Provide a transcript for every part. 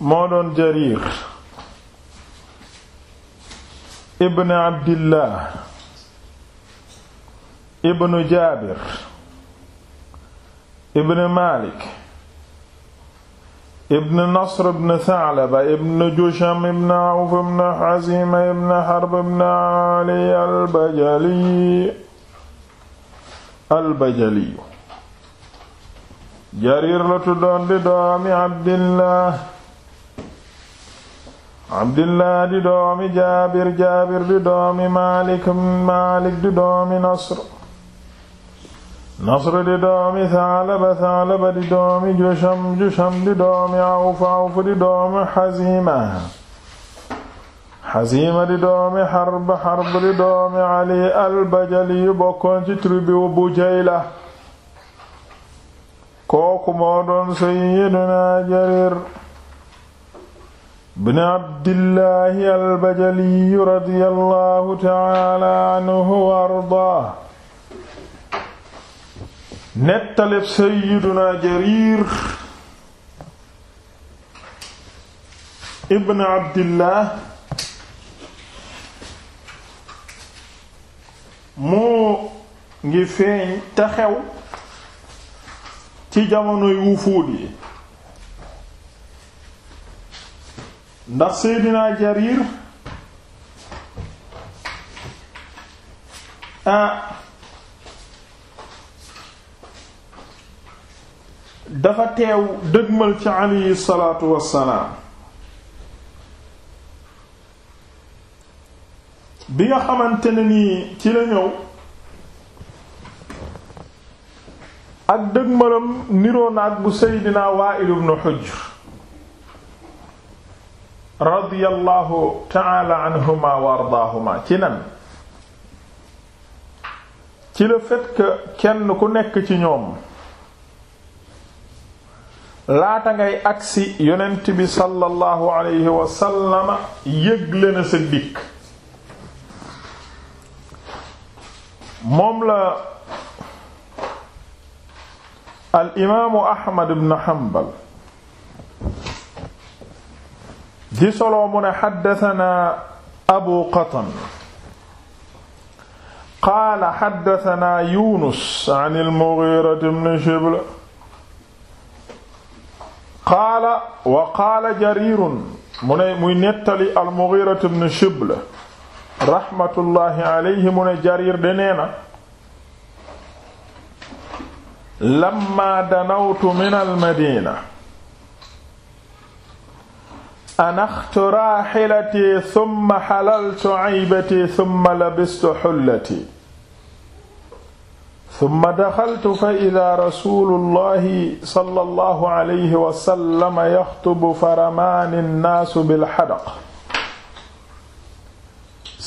moo doon jarir ibn abdillah ibn jaabir ibn malik ibn nasr ibn thalaba ibn jusham ibn awf ibn hazima ibn harb ibn ali albajali albajali jarir la tuddoon di doomi abdillah abdillah di doomi jaabir jaabir di doomi maalik maalik di doomi nasr nasr di doomi thalaba thalaba di doomi jusham jusham di doomi awf awf di doomi hazima hazima di doomi harb harb di doomi ali albajali yu bokkoon ci tribu bu jayla kooku moo doon sayyiduna jarir bn abdillahi albajaliyu radiyallahu taala anhu wa ardaa nettaleb sayiduna jarir ibn abdillah moo ngi feeñ te xew ci jamonoy wufuud yi ndax Seydina Jarir ah dafa teew dëgmal ci alayhi salaatu wassalaam bi nga xamante ne nii ci la ñëw ak dëgmalam niroo naat bu Seydina Waa'il ibn Hujr radiyallahu taala anhuma wa ardaahuma ci nan ci le fait kenn ku nekk ci ñoom laata ngay agsi yonent bi sallallahu alayhi wa sallama yëgle na sa moom la al imaamu Ahmad ibn Hanbal di solo mu ne xaddatanaa abu qatan qaala xaddatanaa yunus an al-mughirati ibn shibl qaala wa qaala jarirun mu ne muy nettali al-mughirati ibn shibl raxmatullaahi alayhi mu ne jarir de nee na lamma danawtu min al-madina anaxtu raaxilati summa xalaltu caybati summa labistu xullati summa daxaltu fa idaa rasuulullahi sallallahu alayhi wa sallam yaxtubu faramaani nnaasu bilxadaq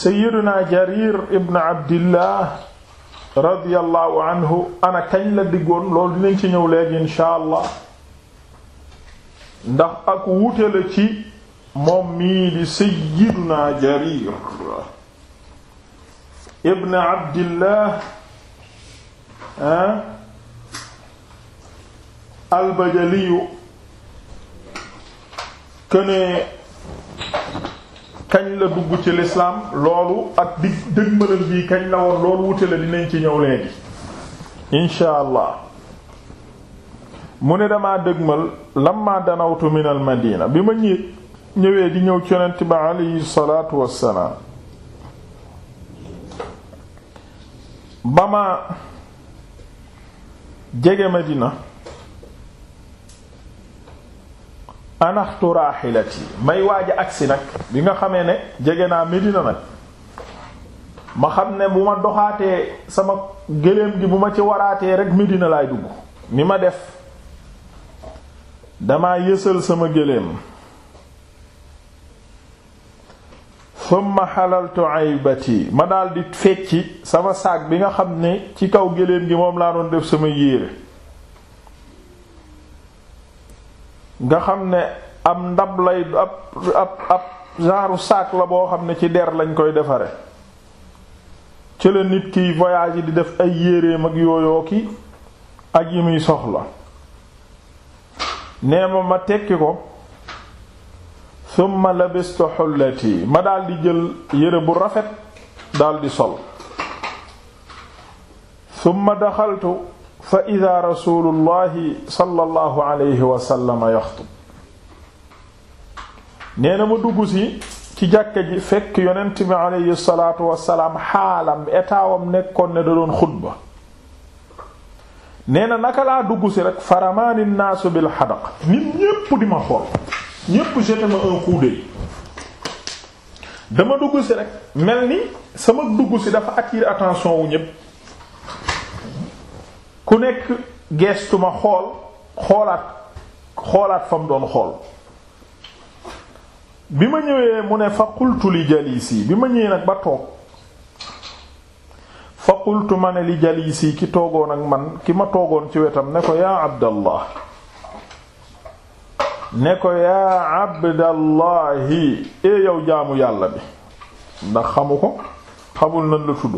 sayyiduna jarir ibn abdillah radiyallahu anhu ana kañ la diggoon loolu dinañ ci ñëw léegi incha allah ndax ak wuute la ci moom mii di sayyiduna jarir ibn abdillah ah, albajaliyu këne kañ la dugg ci lislaam loolu ak dig dëgmalal bii kañ la woon loolu wute la dinañ ci ñëw léegi insha allah mu ne damaa dëgmal lamma danawtu min al madina bi ma ñiit ñëwee di ñëw ci yonent ba aleyhi salaatu ma jege Madina anaxtu raaxilati may waaja agsi nag bi nga xamee ne jege naa Medina nag ma xam ne bu ma doxaatee sama gëléem gi bu ma ci waraatee rek Medina laay dugg ni ma def damaa yësal sama gëléem summa xalaltu aybati ma daldi fecci sama saag bi nga xam ne ci kaw géléem gi moom laa doon def sama yéere nga xam ne am ndab lay ab ab ab genre saak la boo xam ne ci der lañ koy defare ci la nit kiy voyage yi di def ay yéreem ak yooyoo ki ak yi muy soxla nee ma ma tekki ko thumma labistu xullati ma daldi jël yére bu rafet daldi sol thumma daxaltu fa ida rasulullahi sallallahu alayhi wa sallam yaxtub nee na ma dugg si ci jàkka ji fekk yonent bi alayhi salaatu wasalaam etaawam nekkoon ne da doon xutba nee na naka laa dugg si rek faramaani naasu bil xadaq nit ñépp di ma xool ñépp jeté ma un coup dama dugg si rek mel ni sama dugg si dafa attirer attention wu ñépp ku nekk geestu ma xool xoolaat xoolaat fa mu doon xool bi ma ñëwee mu ne fa qultu li jalisi bi ma ñëwee nag ba toog fa ma ne li jalisi ki toogoon ak man ki ma toogoon ci wetam ne ko yaa abdallah ne ko yaa abdallahi e yow jaamu yàlla bi ndax xamu ko xamul nan la tudd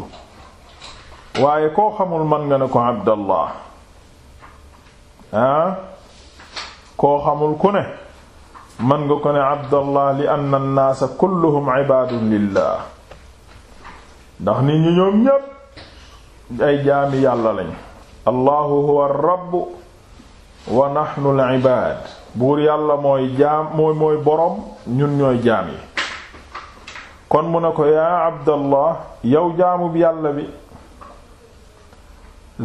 waaye koo xamul man nga ne ko abdallah ah koo xamul ku ne man nga ko ne abdallah li anna an kulluhum ndax nit ñi ay jaami yàlla lañ allahu huwa ar wa nahnu al-ibaad buur yàlla mooy jaam mooy boroom ñun ñooy jaam yi kon mu ne ko yaa abdallah yow jaamub yàlla bi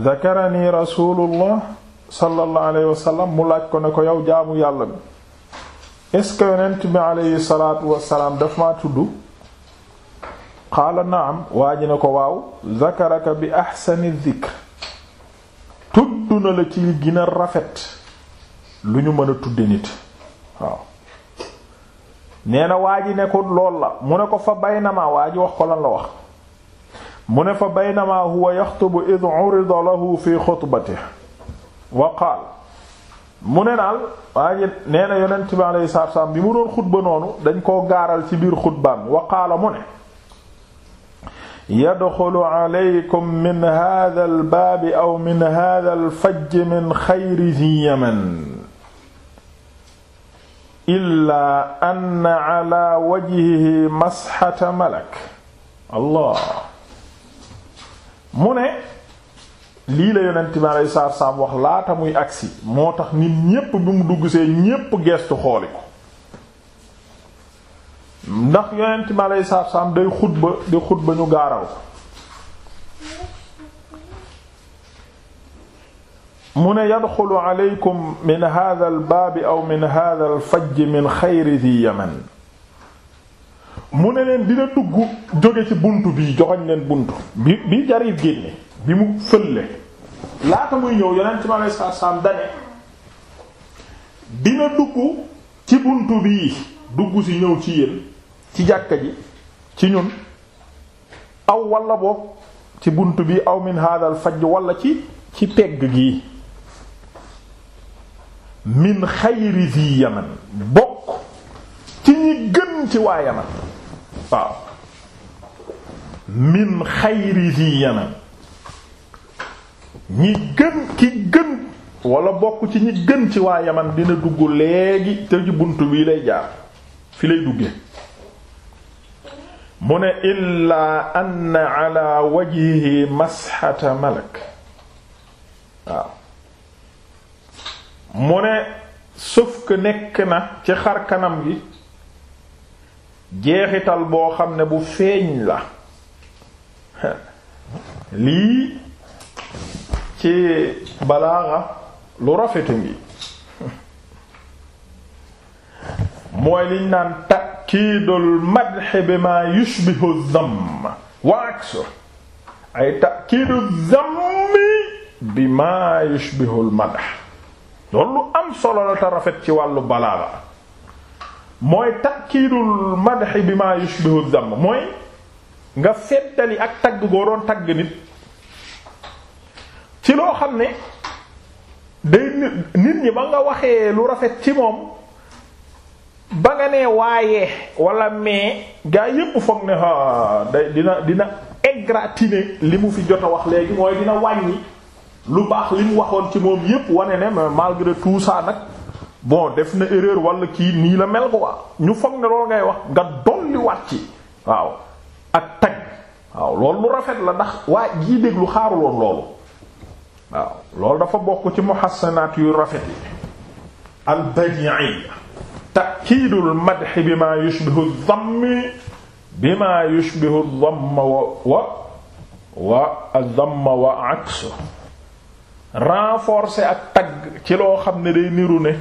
zakarani rasulullah sallallahu alayhi mu laaj ko ko yow jaamu yàlla bi est-ce que yonent bi alayhi salaatu wasalaam daf maa tudd qaala naam waa ji ko waaw zakaraka bi ahsani dhikr tudd na la ci gën a rafet lu ñu mën a tudde nit nee na waa ji ne ko lool la mu ne ko fa ma waa ji wax ko lan la wax mu ne fa baynama huwa yaxtubu id urida lahu fi xutbatihi wa qaal mu ne daal waa nee na yonent bi alayhi salaatu bi mu doon xutba noonu dañ koo gaaral ci biir xutbaam wa qaala mu ne yadxulu aleykum min haadha al baabi aw min haadha al fajji min xayri zi yaman illa anna ala wajhihi masxata malak allah mu ne lii la yonent bi aleyhi wax laata muy agsi moo tax nit ñépp bi mu dugg see ñépp geestu xooli ko ndax yonent bi aleyhi day xutba di xutba ñu gaaral ko mu ne yadxulu aleykum min hada albaabi aw min hada alfajji min xayri di yaman mu ne leen dina dugg jóge ci bunt bi joxoñ leen bunt bi bi jariir génne bi mu fëlle laata muy ñëw yonent bi aleyhi salaatu salaam dane dina dugg ci bunt bi dugg ci ñëw ci yéen ci jàkka ji ci ñun aw walla boog ci bunt bi aw min hada alfajji walla ci ci pegg gi min xayri di yaman bokk ci ñi gën ci waa yaman waaw min xayri di yaman ñi gën ki gën wala bokk ci ñi gën ci waa yaman dina dugg léegi te ci bunt bii lay jaar fi lay dugge mu ne illaa ann ala wajhi masxata malak waaw mu ne sauf que nekk na ci xar kanam gi jeexital boo xam ne bu feeñ la lii ci balaaxa lu rafetu ngi mooy liñ naan takiidul madh bi ma yushbihu dhamm wa aksu ay takiidu dhammi bi ma yushbihu al loolu lu am solo la rafet ci wàllu balaaga mooy takkiidul madxi bi ma yushbihu zamm mooy nga feddali ak tagg goo doon tagg nit ci loo xam ne day nit ñi ba nga waxee lu rafet ci moom ba nga ne waaye walla mais gaa yépp foog ne day dina dina égratigner li mu fi jot a wax léegi mooy dina wàññi lu baax li mu waxoon ci moom yépp wane ne mais malgré tout nag bon def na erreur wala kii nii la mel ko waa ñu foog ne loolu ngay wax nga dolli waat ci waaw ak tag waaw loolu lu rafet la ndax waa jii déglu xaaruloon loolu waaw loolu dafa bokk ci muhassanaat yu rafet yi al badi'iyya ta'kiidul madh bima yushbihu dhamm bima yushbihu dhamm wa wa wa dhamm wa aksu renforcer ak tagg ci loo xam ne day niru ne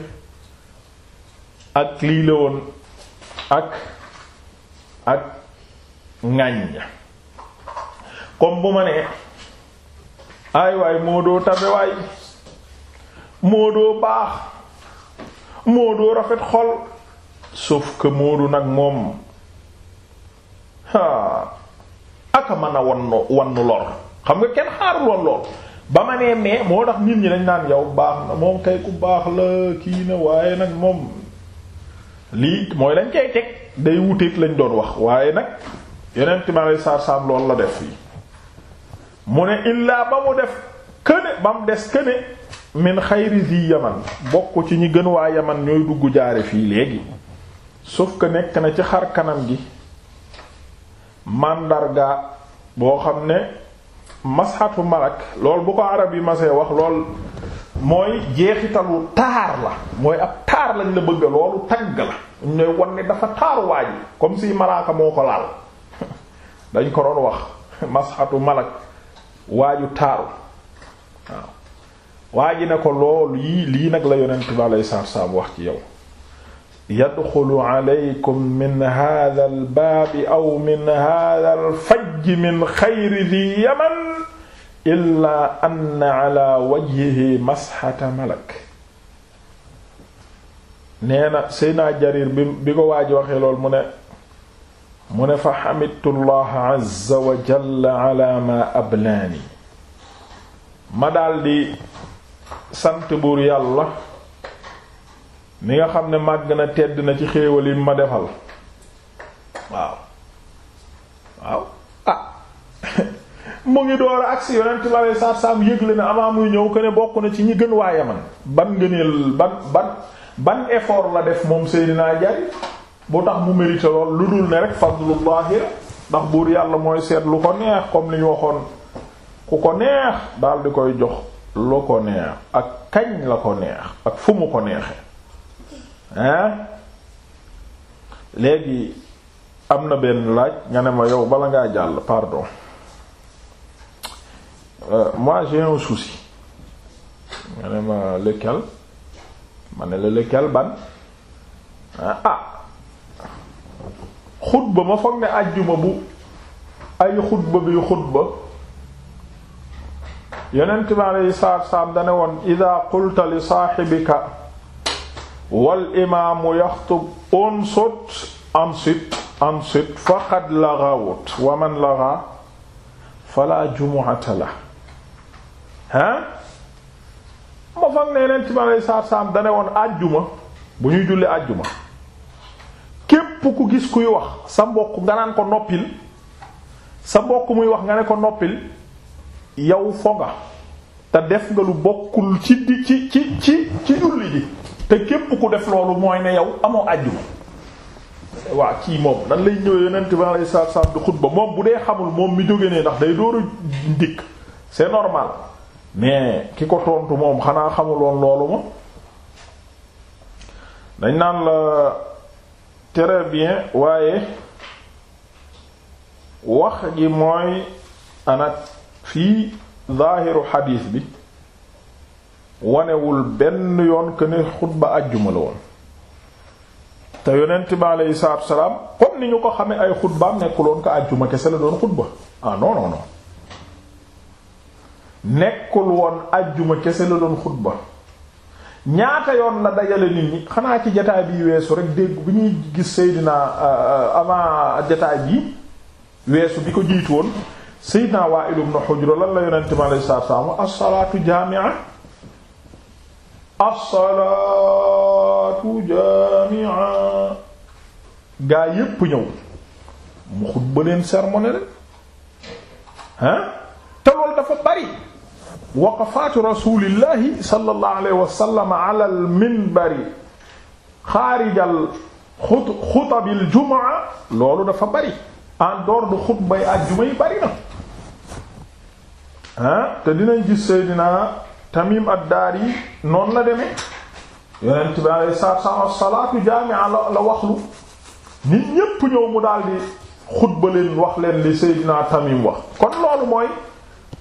ak lii la woon ak ak ŋàññ comme bu ma nee ay waay moo doo tabe waay moo doo baax moo doo rafet xol sauf que moodu nag moom haa aka mën a wannu wannu lor xam nga kenn xaarul lool ba ma nee mais moo tax nit ñi lañ naan yow baax na moom kay ku baax la kii na waaye nag moom lii mooy lañ cay teg day wuteeg lañ doon wax waaye nag yeneen timaare saar saam loolu la def fii mu ne illaa ba mu def këne ba mu des këne min xayri zi yaman bokk ci ñi gën waa yaman ñooy dugg jaare fii léegi sauf que nekk na ci xar kanam gi màndarga boo xam ne masxatu malak lool bu ko arab yi masee wax lool mooy jeexitalu taar la mooy ab taar lañ la bëgg loolu tagg la ñu ne wan ne dafa taaru waaj comme si malaaka moo ko laal dañ ko doon wax masxatu malak waaju taaru waaw waa ji ne ko loolu yii lii nag la yonent bi aleyhi salaatu salaam wax ci yow yadxulu alaykum min haadhal baabi aw min haadhal fajji min xayri di yaman illaa anna ala wajhihi masxata malak nee na Seydina Jarir bi bi ko waaj waxee lool mu ne mu ne fa xamidtu llaha azza wa jalla ala ma ablaani ma daldi sant buur yàlla mi nga xam ne màgg na tedd na ci xéewal yi ma defal waaw waaw ah mu ngi door a agsi yonent bi alei saatu yëgle na avant muy ñëw que ne bokk na ci ñi gën waaye man ban ngëneel ban ban ban effort la def moom Seydina Jarir bu tax mu mérite lu dul ne rek fadlullahi ndax buur yàlla mooy seet lu ko neex comme li ñu waxoon ku ko neex daal di koy jox lu ko neex ak kañ la ko neex ak fu mu ko neexee hein léegi am na benn laaj nga ne ma yow bala ngaa jàll pardon euh, moi j'ai un souci nga ne ma lequel ma ne la lequel ban ah xutba ma foog ne àjjuma bu ay xutba bi xutba yonent bi alayhi salaatu wa salaam dane woon ida qulta li saaxibika wal imaamu yaxtub unsut ansit ansit faqad laghawut wa man lagha fala jumu'ata la hein ma fag ne yeneen ci ma lay saar saam dane woon àjjuma bu ñuy julli àjjuma képp ku gis kuy wax sa mbokk nga naan ko noppil sa mbokk muy wax nga ne ko noppil yow fo te def nga lu bokkul ci di ci ci ci ci julli ji te képp ku def loolu mooy ne yow amoo àjjuma waa kii moom nan lay ñëw yonent bi alayhi salaatu salaam di xutba moom bu dee xamul moom mi jóge ne ndax day dooru ndikk c'est normal mais ki ko tontu moom xanaa xamuloon loolu ma dañ naan la tere bien waaye wax ji mooy anak fii zaahiru xadiis bi wanewul benn yoon que ne xutba àjjuma la woon te yonent bi aleyhi salaatu wa salaam comme ni ñu ko xamee ay xutbaam nekkuloon ko àjjuma kese la doon xutba ah nekkul woon àjjuma kese la doon xutba ñaata yoon na dajale nit ñi xanaa ci jataay bi weesu rek dégg bi ñuy gis Seydina euh, euh, avant jataay bi weesu bi ko jiitu woon Seydina Wa'il ibn Hujr lan la yonent bi aleyhi salaatu wa salaam as as-salaatu jaami'a gaa yépp ñëw mu xutba leen sermone leen ah te loolu dafa bari waqafaatu rasulillahi sallallahu alayhi wa sallam ala al-minbari xaarijal xut xutabil jumaa loolu dafa bari en dehors de xutbay àjjuma yi bari na ah te dinañ gis Seydina Tamim ad-Dari noonu la demee yonent bi alayhi salaam as-salaatu la waxlu nit ñépp ñëw mu daal di xutba leen wax leen li Seydina Tamim wax kon loolu mooy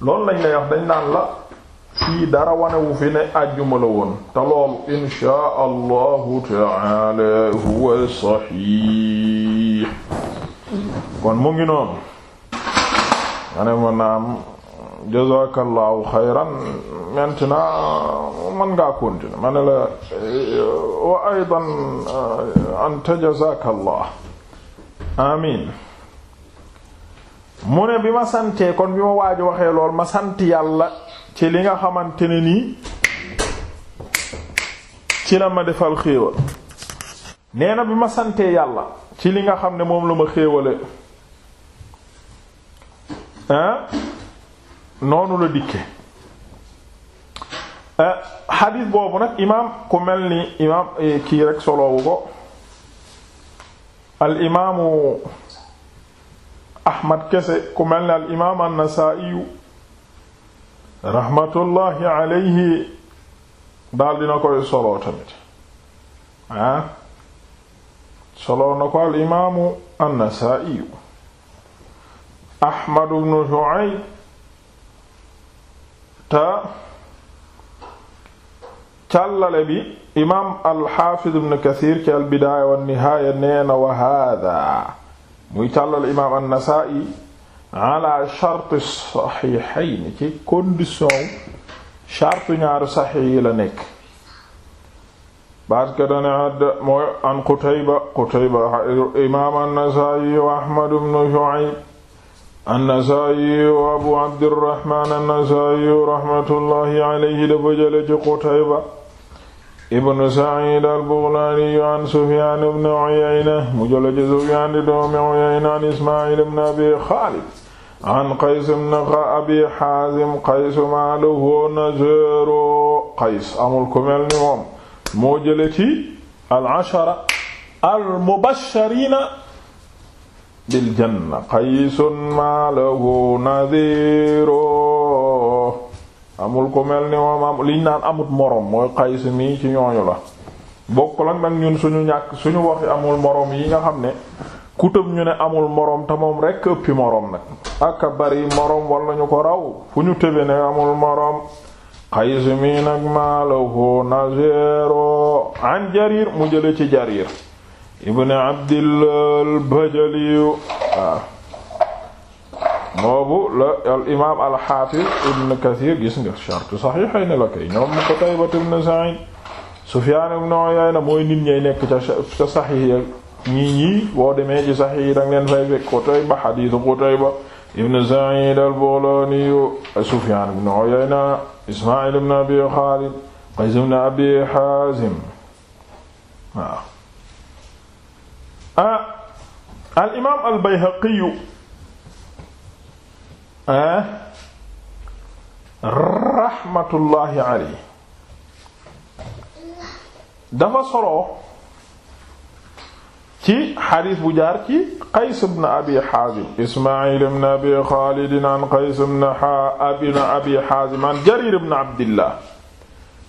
loolu lañ lay wax dañ naan la fii dara wanewu fi ne àjjuma la woon te loolu inshaa allahu taala huwa sahih kon mu ngi noonu ma ne naam jazakallahu xayran maintenant man ngaa continuer ma ne la wa aydan anta jazakallah amin mu ne bi ma santee kon bi ma waaj waxee lool ma sant yàlla ci li nga xamante ne nii ci la ma defal xéewal neena bi ma santee yàlla ci li nga xam ne moom la ma xéewale ah noonu la dikke eh, xadiis boobu nag imaam ku mel ni imaam eh, kii rek al imaamu ahmad kese ku mel ni al imaam an-Nasaa'iyu raxmatullaahi alayhi daal dina koy soloo tamit ah soloo na ko al imaamu an-Nasaa'iyu ahmad ibn Shu'ayb te càllale bi imaam alxaafiz ibn kathir ci albidaaya wa nihaaya nee na wa hada muy càllale imaam annasai ala charte saxiixayn ci condition charte ñaari saxiix yi la nekk parce que dane add wa ahmad ibn shu'ayb annasaayi wa abu abdirahman annasaayi rahmatullahi alayhi dafa jële ci qutayba ibnu said al-baghlaani an sufyaan ibn uyayna mu jële ci sufyaan di doomi uyayna an ismail ibn abi xaalid an qays ibn abi xaazim qays maa lahu nazaru qays amul ku mel ni moom moo jële ci al-ashara al-mubashshariina bil janna qaysun ma lahu nadhiro amul ko mel ni moom liñ naan amut moroom mooy qays nii ci ñooñu la bokkul ak nag ñun suñu ñàkk suñu waxi amul moroom yi nga xam ne kutub ñu ne amul moroom te moom rekk ëppi moroom nag aka bari moroom wala ñu ko raw fu ñu tëbe ne amul morom qays mi nag ma lahu nadhiro an jarir mu jële ci jarir ibn abdillah albajaliyu waaw boobu la al imaam al kathir gis nga shartu saxiixay ne la koy ñoom mu ko taybat ibn sa'id sufyaan mooy nit ñay nekk ca saxiix ya ñii ñii boo demee ci saxiix yi danga leen fay fekk qutayba xadiisu qutayba ibn sa'id al bulaaniyu sufyaan ibn uyayna ismaa'il ibn abi xaalid qays ibn abi xaazim waaw Ah, al imaam al Bayhaqi ah, raxmatullaahi alayhi dafa solo ci xadiis bu jaar ci Qays ibn Abi Haazim Ismaa'il ibn Abi Xaalid an Qays ibn Abi Haazim an Jariir ibn Abdillah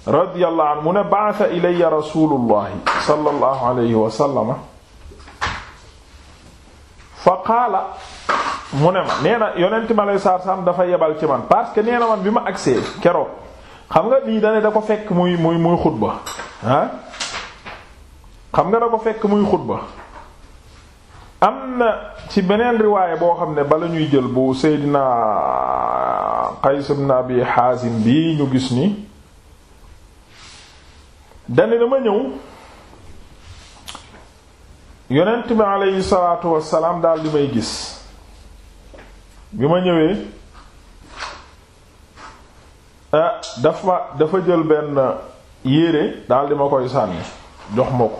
radiyallaahu anhu mu ne ba'atha ilayya rasuulullaahi sallallaahu alayhi wa sallam qaala mu ne ma nee na yonent ma lay saar saam dafa yebal ci man parce que nee na man bi ma agsee keroog xam nga lii dane da ko fekk muy muy muy xutba ah xam nga da ko fekk muy xutba am na ci beneen riwaaye boo xam ne bala ñuy jël bu Seydina Qays ibn Abi Haazim bii ñu gis ni dane dama ñëw yonent bi aleyhi salaatu wassalaam daal di may gis bi ma ñëwee ah dafa dafa jël benn yére daal di ma koy sànni jox ma ko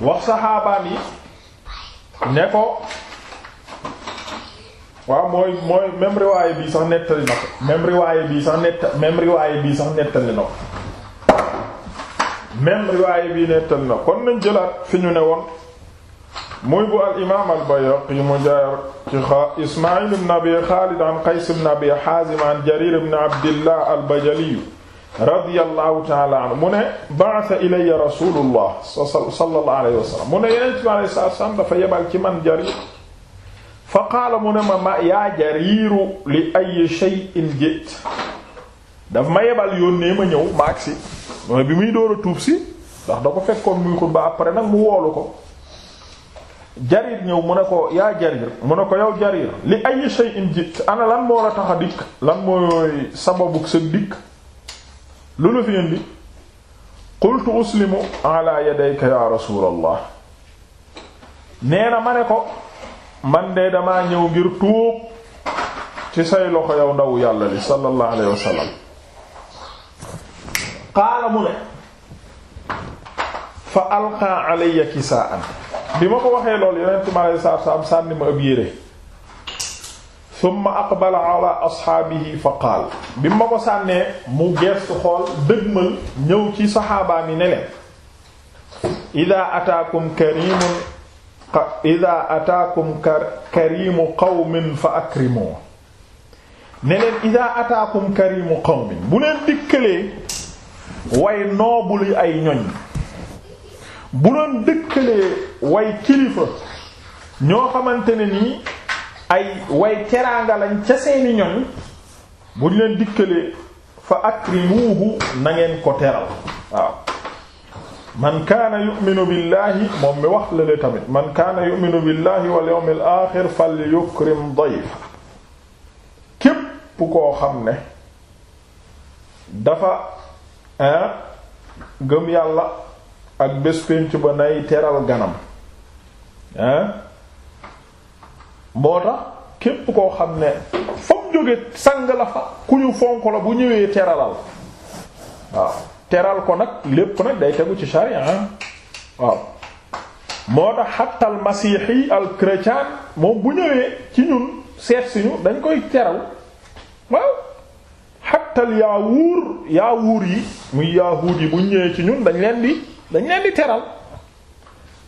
wax saxaabaan yi ne ko waaw mooy mooy même riwaaye bii sax nettali na ko même riwaaye bii sax nettali na ko même riwaaya bi nettal na kon nañ jëlaat fi ñu ne woon muy bu al imaam al Bayhaqi mu jaar ci Ismaïl ibn Abi Xaalid an Qays ibn Abi Haazim an Jariir ibn Abdillah al Bajali radiyallahu ta'ala anhu mu ne ba'atha ilayya rasulullah sallallahu alayhi wa sallam mu ne yeneen ci alayhi salaam dafa yebal ci man Jariir fa qaala mu ne ma yaa Jariiru li ayyi shay'in ji'ta daf ma yebal yónnee ma ñëw ma agsi mooy bi muy door a tuub si ndax da ko fekkoon muy xutba après nag mu woolu ko jarir ñëw mu ne ko yaa jarir mu ne ko yow jarir li ay shay'in jit ana lan moo la tax a dikk lan mooy sababuk sa dikk lu la fi indi qultu uslimu ala yadayka ya rasulallah nee na ma ne ko man de damaa ñëw ngir tuub ci say loxo yow ndawu yàlla li sallallahu alayhi qaala mu ne fa alqa alayya kisaan bi ma ko waxee lool yonent mi alayhi salaatu salaam sànni ma ab yére summa aqbala ala asxaabihi fa qaal bi ma ko sànnee mu geestu xool dëgmal ñëw ci saxaabaa mi ne leen ataakum karimun ida ataakum karimu qawmin fa akrimoo ne leen ataakum karimu qawmin bu leen dikkalee way noobul yi ay ñoñ bu doon dëkkalee way kilifa ñoo xamante ne nii ay way teraanga lañ ca seeni ñoñ bu ñu leen fa akrimuhu na ngeen ko teral waaw man kaana yu'minu billahi moom mi wax la le tamit man kaana yu'minu billahi wal yawmil aaxir falyukrim dayfa képp koo xam ne dafa gëm yàlla ak bés pénc ba nay teral ganam hein moo tax képp koo xam ne foofu jóge sang la fa ku ñu fonk la bu ñëwee teralal waaw teral ko nag lépp nag day tegu ci sharia waaw moo tax xatta masiixi al chrétien moom bu ñëwee ci ñun seet si ñu dañ koy teral waaw xàttal yaawuur wuur yi muy yahuud yi bu ñëwee ci ñun dañ leen di dañ leen di teral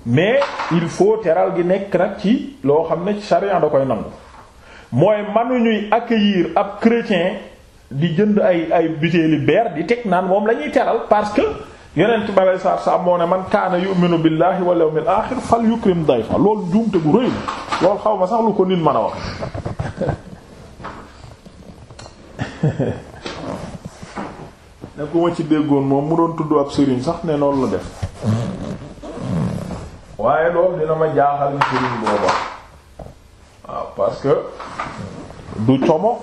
mais il faut teral gi nekk nag ci loo xam ne charia da koy nangu mooy ñuy accueillir ab chrétien di jënd ay ay butéeli beer di teg naan moom la ñuy teral parce que yonent bi alei satu salaam moo ne man kaana yu'minu billahi wal yawmil axir fal yukrim dayfa loolu juumte gu rëy la loolu xaw ma sax lu ko nit mën a wax ne ku ma ci déggoon moom mu doon tudd ab sëriñ sax ne noonu la def waaye loolu dina ma jaaxal ni sëriñ booba waaw parce que du como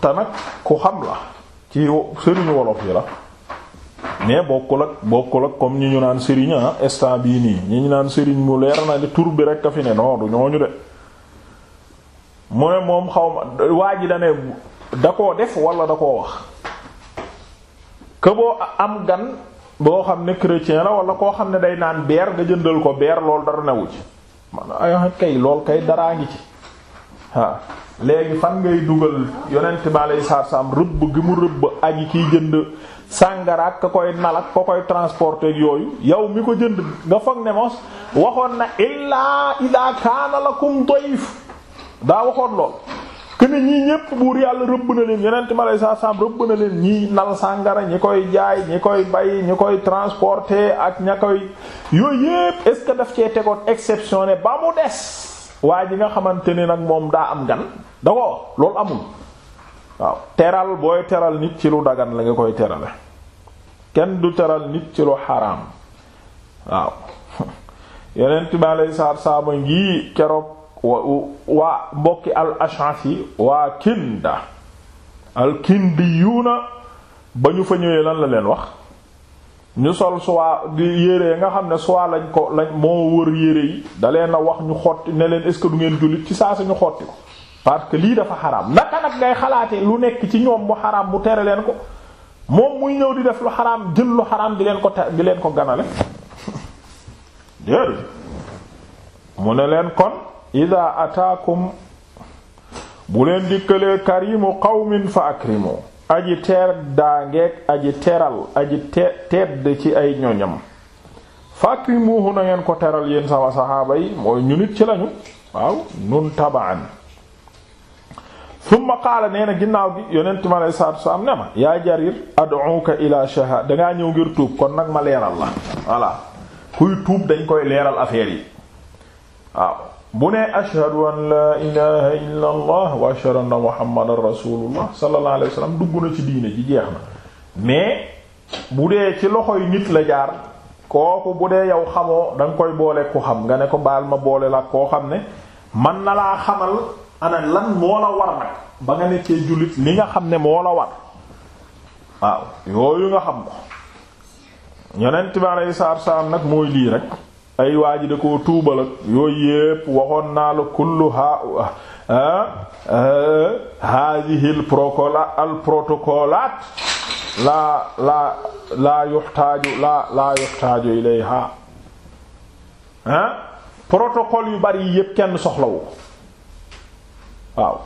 te nag ku xam la ci sëriñu wolof yi la mais bokkul ak bokkul ak comme ñi ñu naan sëriñ ah instant bii nii ñi ñu naan sëriñ mu leer na tur bi rek a fi ne non ñooñu de mu ne moom xawma waa ji da da koo def walla da koo wax. que boo am gan boo xam ne chrétien la wala koo xam ne day naan beer nga jëndal ko beer loolu dara newu ci man ay kay lool kay daraa ngi ci waaw léegi fan ngay dugal yonent bi aleyhi salaatu salaam rëbb gi mu rëbb aji kiy jënd sàngara ak ka koy nalak ko koy transporter yooyu yow mi ko jënd nga foog ne mos waxoon na illaa idaa kaana lakum dayf daa waxoon lool que ne ñii ñépp buur yàlla rëbb na leen yeneen ma lay saa saam rëbb na leen ñii nal sàngara ñi koy jaay ñi koy bay ñi koy transporter ak ña koy yooyu yépp est-ce que daf cee tegoon exception ne ba mu des waa ji nga xamante ne nag moom daa am gan da ko loolu amul waaw teral booy teral nit ci lu dagan la nga koy terale kenn du teral nit ci lu xaraam waaw yeneen ma lay saa saama ngi keroog. waa mbokki al ash'as yi waa kinda al kindiyuuna ba ñu fa ñëwee lan la leen wax ñu sol suwaa di yére nga xam ne suwaa lañ ko lañ moo wër yére yi da leen a wax ñu xotti ne leen est du ngeen jullit ci saa si ñu xotti ko parce que lii dafa xaraam naka nag ngay xalaate lu nekk ci ñoom mu xaraam mu tere leen ko moom muy ñëw di def lu xaraam jël lu xaraam di leen ko te di leen ko ganale déedéet mu ne leen kon ida ataakum bu leen dikkalee karimu qawmin fa akrimu aji teer daangeeg aji teral aji tedd ci ay ñoñam fa akrimuhu na ko teral yéen sama saxaaba yi mooy ñu nit ci lañu waaw nun tabaan summa qaala nee ginnaaw gi yonent mi aleyhi salaatu salaam ne ma yaa jarir ad'uka ila shahaada dangaa ñëw ngir tuub kon nag ma leeral la voilà kuy tuub dañ koy leeral affaire yi waaw bu ne ashhadu an laa ilaha illa allah wa ashhadu anna muhammadan rasulullah sallallahu alayhi wa sallam dugg na ci diine ji jeex na mais bu dee ci loxo loxoy nit la jaar kooku bu dee yow xamoo da koy boole ku xam nga ne ko baal ma boole laa koo xam ne man na laa xamal ana lan moo la war nag ba nga nekkee jullit li nga xam ne moo la war waaw yooyu nga xam ko yonent bi alayhi salaatu wa salaam nag mooy lii rek ay waa ji da koo tuubal ak yooyu yépp waxoon naa la kullu ha hadihi l procola al protocolaat laa laa laa yuxtaaju laa laa yuxtaaju ilayha ah protocole yu bari yi yépp kenn soxlawu ko waaw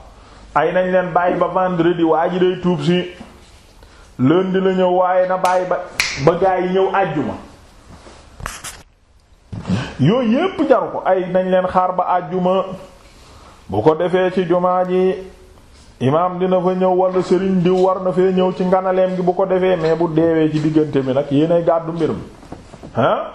ay nañ leen bàyyi ba vendredi waa ji day tuub si lundi la ñëw waaye na bàyyi ba ba ñëw àjjuma yooyu yépp jaru ko ay nañ leen xaar ba àjjuma bu ko defee ci jumaa ji imaam dina fa ñëw wala sëriñ diw war na fee ñëw ci nganaleem gi bu ko defee mais bu deewee ci diggante bi nag yéenay gàddu mbir mi ah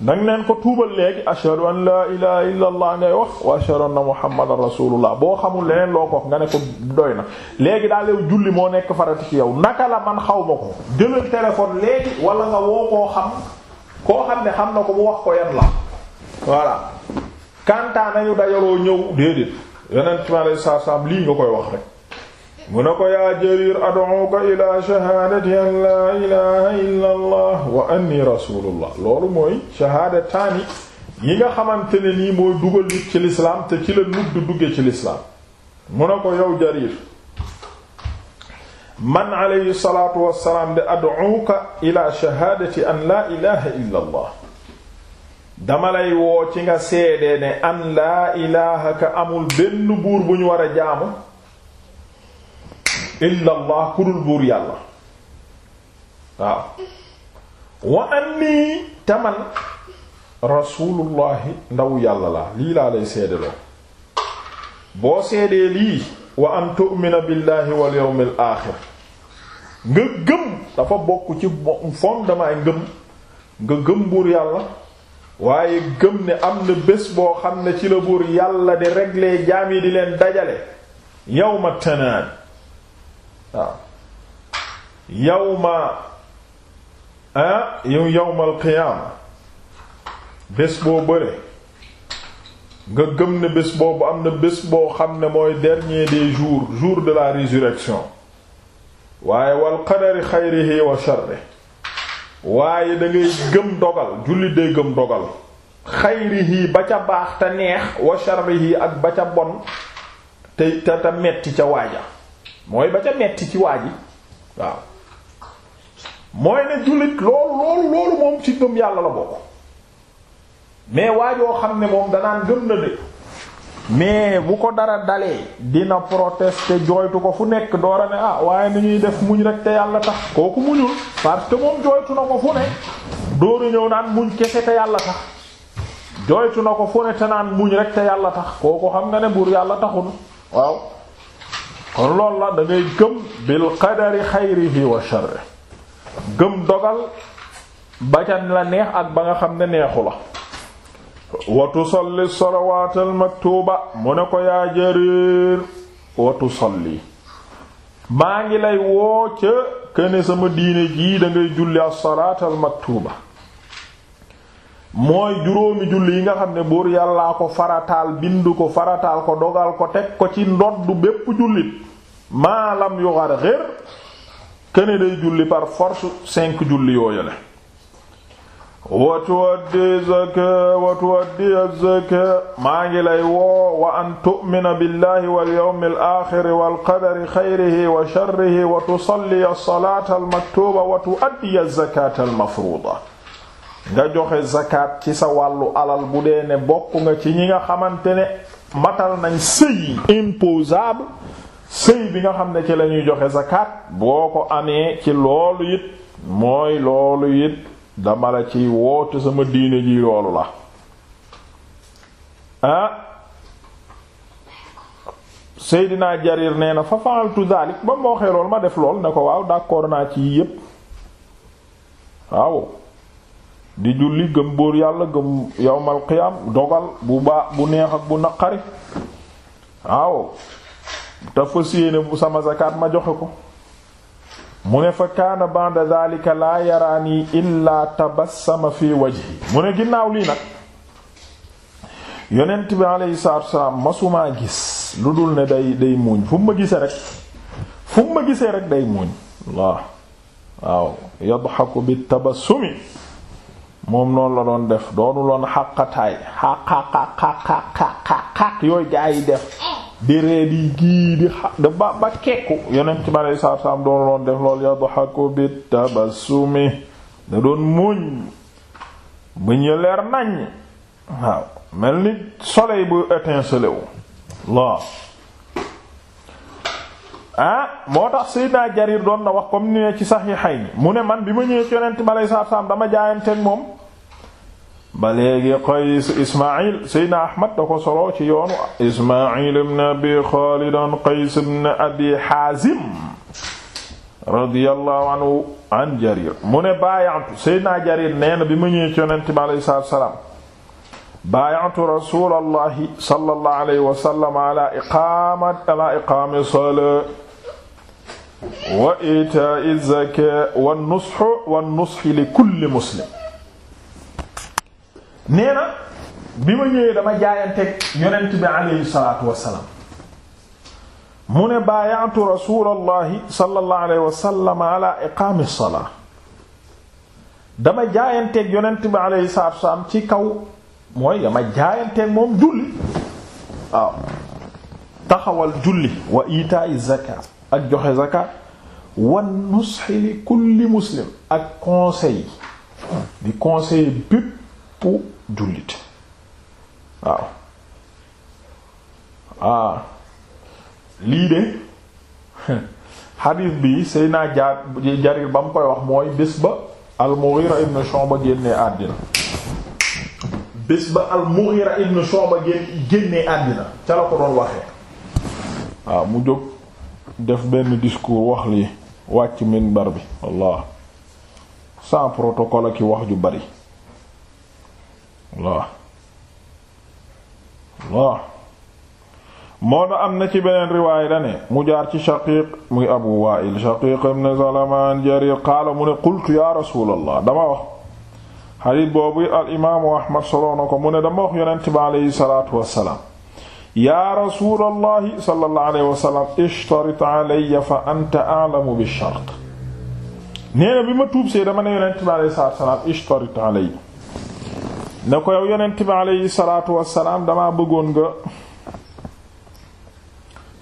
dang ko tuubal léegi ashhadu an laa ilaha illa allah ngay wax wa ashhadu anna muhammadan rasulullah boo xamul leneen loo ko nga ne ko doy na léegi daal yow julli moo nekk farati ci yow naka la man xaw ma ko jëlal téléphone léegi wala nga woo koo xam koo xam ne xam na ko bu la voilà kantaa nañu dajaloo ñëw déedéet yeneen ma lay saab lii nga koy wax rek mu ne ko yaa Jarir ad'uka ila shahaadati an laa ilaha illa allah wa anni rasulullah loolu mooy shahaadataani yi nga xamante ne nii mooy dugal nit ci lislaam te ci la nut dugge ci lislaam mu ne ko yow Jarir man alayhi salatu wassalaam de ad'uka ila shahaadati an laa ilaha illa dama lay woo ci nga seede ne an laa ilaha ka amul benn buur bu ñu war a jaamu illa ku dul buur yàlla waaw wa anni taman rasulullahi ndaw yàlla laa lii laa lay seede loo boo seedee lii wa an tu'mina billahi wal yawmil aaxir nga gëm dafa bokk ci fondement ay ngëm nga gëm buur yàlla waaye gëm ni am na bés boo xam ne ci la buur yàlla di régler jaam yi di leen dajale yow ma waaw yawma ah yow yawmal qiyaama bés boo bëre gëm ne bés boobu am na bés boo xam ne mooy dernier des jours jour de la résurrection waaye wal qadari xayrihi wa sharrihi waaye dangay gëm dogal jullit day gëm dogal xayrihi ba ca baax te neex wa sharrihi ak ba ca bon te te te metti ca waaja mooy ba ca metti ci waaji waaw mooy ne jullit loolu loolu loolu moom ci gëm yàlla la bokk mais waajoo xam ne moom danaan gëm na de mais bu ko dara dalee dina protester jooytu ko fu nekk doora ne ah waaye ni ñuy def muñ rek te yàlla tax kooku muñul parce que moom jooytu na ko fu ne dooru ñëw naan muñ kese te yàlla tax jooytu na ko fu ne te naan muñ rek te yàlla tax kooku xam nga ne buur yàlla taxul waaw kon loolu la da ngay gëm bil qadari xayrihi wa sharri gëm dogal ba ca la neex ak ba nga xam ne neexu la wa tusalli salawaat almaktuuba mu ne ko yaa Jarir wa tusalli maa ngi lay woo ca këne sama diine jii dangay julli as-salaat al mooy juróomi julli yi nga xam ne buur yàllaa ko farataal bindu ko farataal ko dogal ko teg ko ci ndodd bépp jullit maalam yu xar xér këne day julli par force cinq julli yooyale wa tuwaddi zaka wa tuwaddi zaka maa ngi lay woo wa an tu'mina billahi wal yawmil aaxir wal qadari xayrihi wa sharrihi wa tusalliya salaata al maktuuba wa tuaddiya zakaata al mafruuda nga joxe zakat ci sa wàllu alal bu dee ne bokk nga ci ñi nga xamante ne matal nañ sëy imposable sëy bi nga xam ne ci lañuy joxe zakat boo ko amee ci loolu it mooy loolu it dama la ciy woote sama diine ji loolu la ah Seydina Jarir nee na fa faaltu dalik ba moo xee ma def lool ne ko waaw d'accord naa ci yépp waaw di julli gëm bóor yàlla gëm yawmal qiyam dogal bu baax bu neex ak bu naqari waaw te fas yéene bu sama zakat ma joxe ko mu ne fa kaana ba'da dhalika laa yaraani illaa tabassama fi wajhi mu ne ginnaaw lii nag yonent bi alayhi salaatu wassalaam masumaa gis lu dul ne day day muuñ fu mu ma gisee rek fu ma gisee rek day muuñ waaw yadhaku bi tabassumi moom noonu la doon def doonu loon xaqataay xaq xaq xaq xaq xaq yooyu gaa yi def di ree di gii di xa da ba ba kekku yonent mi aleyhi salaatu doon loon def lool yadhaku bi tabassumi da doon muuñ bu ñu leer nañ waaw mel ni soleil bu étincelé wu ah moo tax Seydina Jarir doon na wax comme ni ne ci Sahihayni mu ne man bi ma ñëwee ci yonent mi aleyhi salaatu salaam dama jaayanteek moom ba léegi qays ismail seydna ahmad da ko soloo ci yoonu ismail ibn abi xaalid an qays ibn abi haazim radiyallahu anhu an jarir mu ne baayantu seydna jarir nee na bi mu ñëwee ci yonente bi alayhi salaatu wa salaam baayantu rasulallahi sallallahu alayhi wa sallam ala iqaamat ala iqaami salaa wa iitaa'i zakaa wa nusxi wa nusxi li kulli muslim nee na bi ma ñëwee dama jaayanteeg yonent bi aleyhi salaatu wassalaam mu ne baayaatu rasulallahi sallallahu alayhi wa ala iqaami salaa dama jaayanteeg yonent bi aleyhi salaatu wassalaam ci kaw mooy dama jaayanteeg moom julli waaw taxawal julli wa itaa'i zakat ak joxe zakat wan nusxi li kulli muslim ak conseil di conseil bépp jullit waaw ah lii de xadiis bi Seydina jaar Jarir ba mu koy wax mooy bés ba al-Mughira ibn Shu'ba génnee àddina bés ba al-Mughira ibn Shu'ba génnee àddina ca la ko doon waxee waaw mu jóg def benn discours wax lii wàcc minbar bi wallah sans protocole ki wax ju bari Allah moo na am na ci beneen riwaay da mu jaar ci shaqiiq muy abu waa'il shaqiiq ibn salama an jarir mu ne qultu ya rasulallah dama wax xadiis boobu al imaamu ahmad soloo na mu ne dama wax yonent bi aleyhi salaatu wassalaam ya rasulallahi sallallahu alayhi wa sallam ishtarit alayya fa anta a'lamu bi shart nee na bi ma tuub see dama ne yonent bi aleyhi salaatu wassalaam ishtarit ne ko yow yonent bi aleyhi salaatu salaam damaa bëggoon nga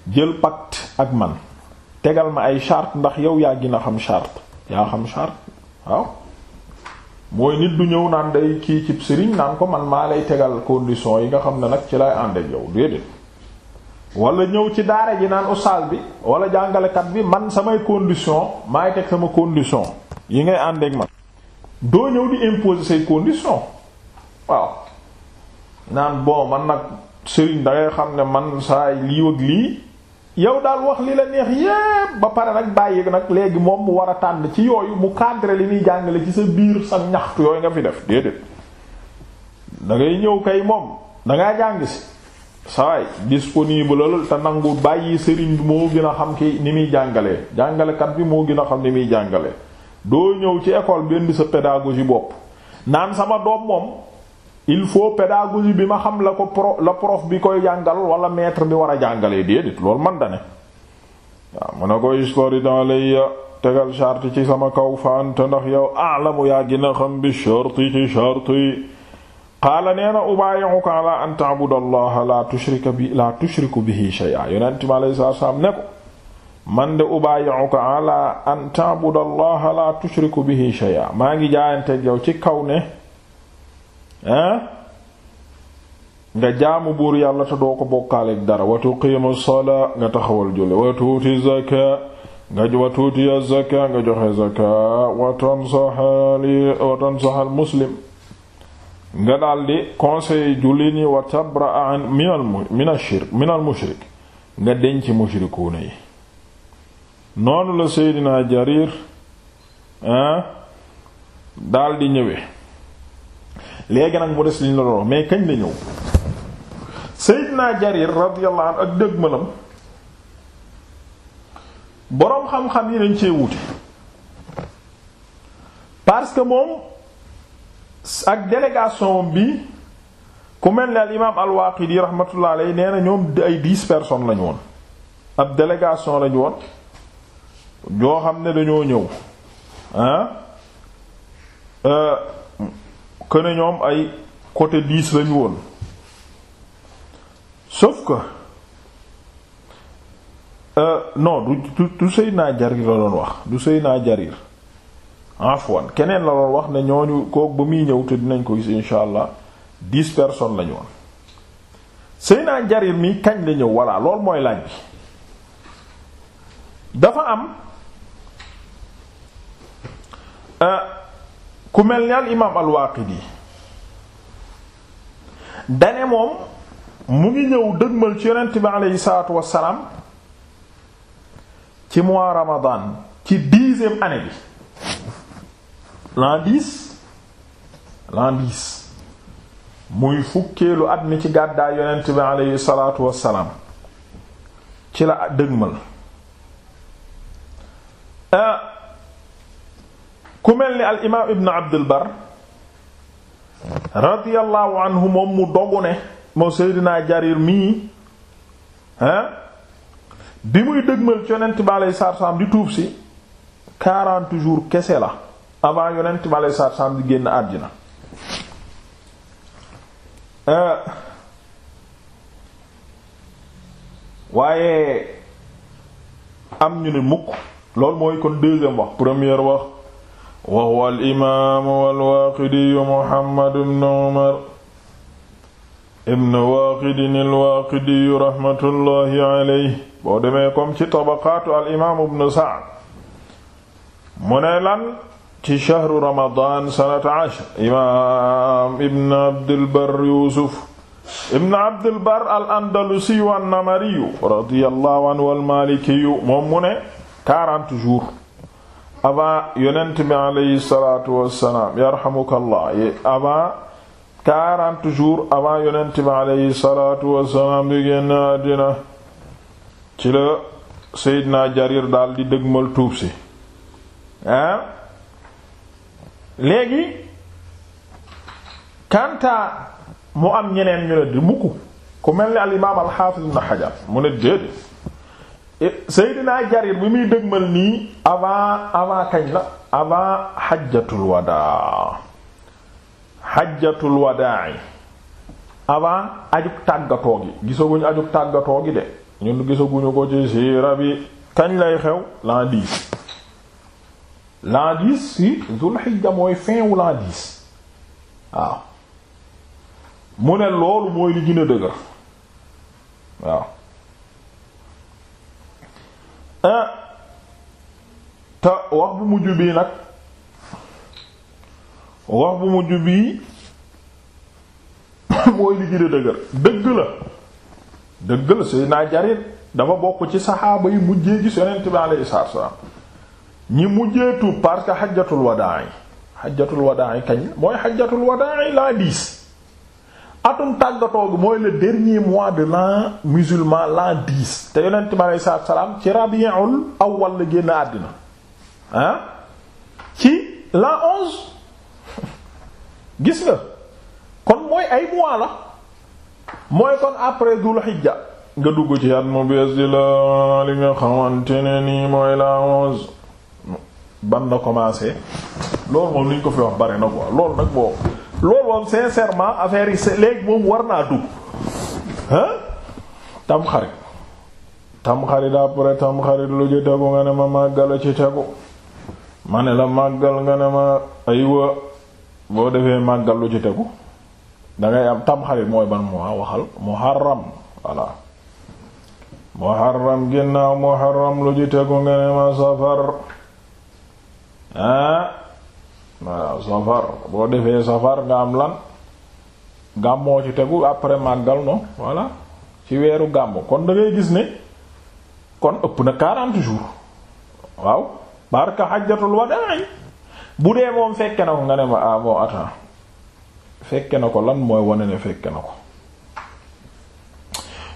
jël pacte ak man tegal ma ay chart ndax yow yaa gën a xam chart yaa xam charte waaw mooy nit du ñëw naan day kii ci sëriñ naan ko man maa lay tegal condition yi nga xam ne nag ci lay àndeek ak yow déedéet wala ñëw ci daare ji naan ustaas bi wala jàngalekat bi man samay condition maa teg sama condition yi ngay ànd ak man doo ñëw di imposer say condition waaw naan bon man nag sëriñ da ngay xam ne man saay lii wëg lii yow daal wax lii la neex yépp ba pare nag bàyyi nag léegi moom mu war a tànn ci yooyu mu cadre li muy jàngale ci sa biir sa ñaxtu yooyu nga fi def déedéet da ngay ñëw kay moom dangaa jàng si saay disponible te nangu bàyyi sëriñ bi moo gën a xam ki ni muy jàngalee jàngalekat bi moo gën a xam ni muy jàngale doo ñëw ci école bi indi sa pédagogie bopp naan sama doom moom il faut pédagogie bi ma xam la ko pro prof bi koy jàngal wala maître bi war a jàngalee déedéet loolu man da ne waaw mu ko histoire dans lay euh, tegal charte ci sama kaw faante ndax yow alamu yaa gën a xam bi charte ci charte yi qaala nee na ubaayi'uka ala an ta'budu allaha la bi la tushriku bihi shay'a yonent maa ngi jaayanteeg yow ci kaw ne ah nga jaamu buur yàlla te doo ko bokkaaleeg dara wa tuqiimu salaa nga taxawal julli wa tuuti zaka nga joxe zaka wa tansaxali muslim nga daldi conseil julli ni wa tabraa an minal minal shirk minal mushrik nga denc mushrikuuna yi noonu la seydinaa jarir ah daldi ñëwee léegi nag mu des liñ la doon mais kañ la ñëw Seydina Jarir radiyallahu anhu ak dëgg malam boroom xam-xam yi dañ cee wuti parce que moom ak délégation bi ku mel ne al imaam al-Waaqidi rahmatullah alayhi nee na ñoom ay dix personnes lañu woon ab délégation lañu woon joo xam ne dañoo ñëw ah, euh, këne ñoom ay côté dix lañu woon sauf que euh, non du du Seydina Jarir la doon wax du sëy Seydina Jarir afwan keneen la doon wax ne ñooñu kook ba muy ñëw te dinañ ko gis insha allah dix personnes lañu woon Seydina Jarir mi kañ la ñëw voilà loolu mooy laaj bi dafa am. Euh, ku mel ni al imaam al-Waaqidi dane moom mu ngi ñëw dëgmal ci yonent bi aleyhi salaatu wassalaam ci mois Ramadan ci dixième année bi l'an dix l'an muy fukkeelu at mi ci gàddaay yonent bi aleyhi salaatu wassalaam ci la dëgmal euh, ku mel ni al imaam ibn abdul bar radiyallahu anhu moom mu dogu ne moo seydinaa jarir mii hein bi muy dëgmal ci yonent bi aleyhi salaatu di tuub si quarante jours kese la avant yonent bi aleyhi di génn àddina euh, waaye am ñu ne mukk loolu mooy kon deuxième wax première wax wa huwa al-imaamu wal-Waaqidiyu Muhammad ibn Umar ibn al-Waaqidiyu raxmatullaahi alayhi boo demee comme ci tabaqaatu al-imaam ibn Sa'd mu lan ci shahru Ramadan sanata ashar imaam ibn Abdul Barr Yuusuf ibn Abdul Barr al-Andalusiyu an-Namariyu radiyallaahu al-Maalikiyu moom mu avant yonent bi salaatu wassalaam yarhamukallah avant quarante jours avant yonent bi aleyhi salaatu wassalaam bi génn àddina ci la Seydina Jarir daal di dëgmal tuub si ah kanta mu am ñeneen ñu ne di mel ni al imaam al xaafis ibn Hajar mu ne déedéet Seydina Jarir bi muy dëgmal nii avant avant kañ la avant xajjatul wadaa xajjatul wadaa avant ajug tàggatoo gi gisaguñu ajug tàggatoo gi de ñun gisaguñu ko ci siira bi kañ lay xew l'an dix l'an dix si mooy fin wu l'an waaw mu ne loolu mooy li gën dëgër waaw Ah. te wax bu mujj bii nag wax bu mujj bii mooy li gën a dëgër dëgg la dëgg la Seydina Jarir dafa bokk ci saxaaba yi mujjee gis yonent bi alayhi salaatu wa salaam ñi mujjee tuub parce que xajjatul wadaa yi xajjatul kañ mooy xajjatul wadaa laa diis atum tàggatoo gi mooy le dernier mois de l'an musulman l'an dix te yonent bi aleyhi salaatu salaam ci rabiul awwal la génn àddina ah ci l'an onze gis nga kon mooy ay mois la mooy kon après dul xijja nga dugg ci at mu bees di la li nga xamante ne mooy l'an onze ban na commencé loolu moom li ñu ko fi wax bari na quoi loolu nag boo loolu moom sincèrement affaire yi léegi moom war naa dugg ah tam xarit tam xarit après tam xarit lu ji tegu nga ne ma màggala ci tegu ma ne la màggal nga ne ma aywa boo defee màggal lu ci tegu dangay am tam xarit mooy ban mois ah, waxal muharram voilà muharram ginnaaw muharram lu ji tegu nga ne ma safar ah waaw safar boo defee safar nga am lan gàmmoo ci tegu après màggal no voilà ci weeru gàmmu kon da gis ne kon ëpp na 40 jours waaw barka xajjatul wadaa bu dee moom fekke na ko nga ne ma ah bon fekke na ko lan mooy wane ne fekke na ko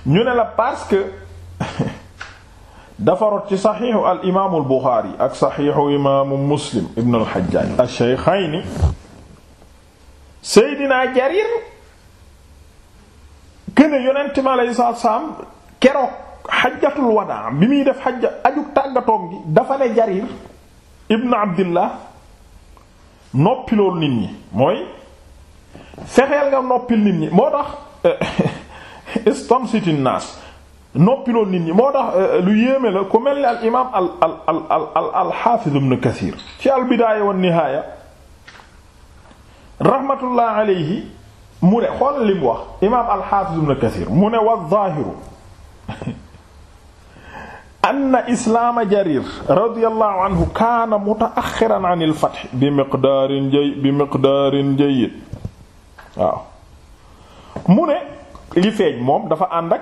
ñu ne la parce dafa rot ci saxiixu al imaamu al buxaari ak saxiixu imaamu muslim ibn al xajjaaj al sheykhayni seydina jarir këne yonent mi alayhi salaatu salaam keroog xajjatul wadaa bi muy def xajja ajug tàggatoom gi dafa ne jarir ibn abdillah noppi nit ñi mooy fexeel nga noppil nit ñi moo tax istamsitin naas noppiloon nit ñi moo tax euh, lu yéeme la ku mel ni al imaam al al al al al xaafiz ibn Kasiir ci al bidaaya wan nihaaya rahmatullah alayhi mu ne xool li mu wax imaam al xaafiz ibn Kasiir mu ne wa zaahiru anna islaama jarir radiyallahu anhu kaana mutaaxiran an il fatx bi miqdaarin jay waaw mu ne li feeñ moom dafa ànd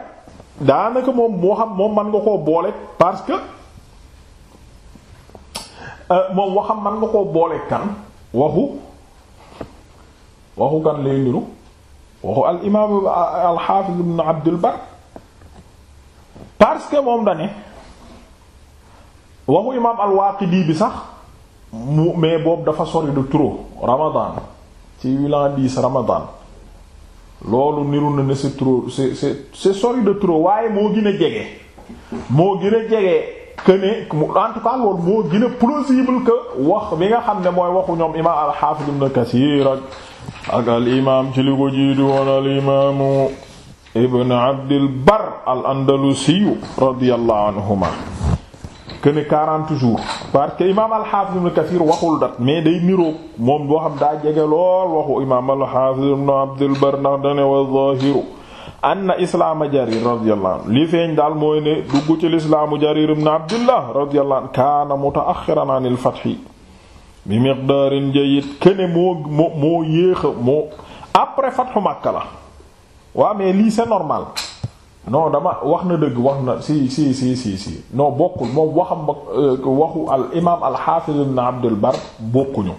daanaka moom moo xam moom man nga koo boole parce que euh, moom waxam mën nga koo boole kan waxu waxu kan lay niru waxu al imaam euh, al xaafiz abdul bar parce que moom dane waxu imaam al waaqidi bi sax mu mais boobu dafa sori de trop ramadan ci wilan diis ramadan loolu niru na ne c'est trop c'est c'est c'est de trop waaye moo gën a jege moo gën jege que ne en tout moo gën a plausible wax bi nga xam ne mooy waxu ñoom imaam al-Hafiz Ibn Kathir ak al imaam ci li ko jiitu woon al imaamu Ibn Abdil al-Andalusiyu radiyallahu anhuma que ne 40 jours parce que imaam al-Hafiz Kathir waxul dat mais day niroog moom boo xam daa jege lool waxu imaam al-Hafiz Ibn dane wa zahiru anna islaama Jarir radiyallahu li feeñ daal mooy ne dugg ci lislaamu Jarir ibn Abdullah radiyallahu kaana mutaaxiran an al-fath bi miqdaarin jayyid kene moo moo yéexa moo après fathu Makka la waaw mais lii c'est normal non dama wax na dëgg wax na si si si si si bokkul moom waxam euh, waxu al imaam al xaafiz Abdul Bar bokkuñu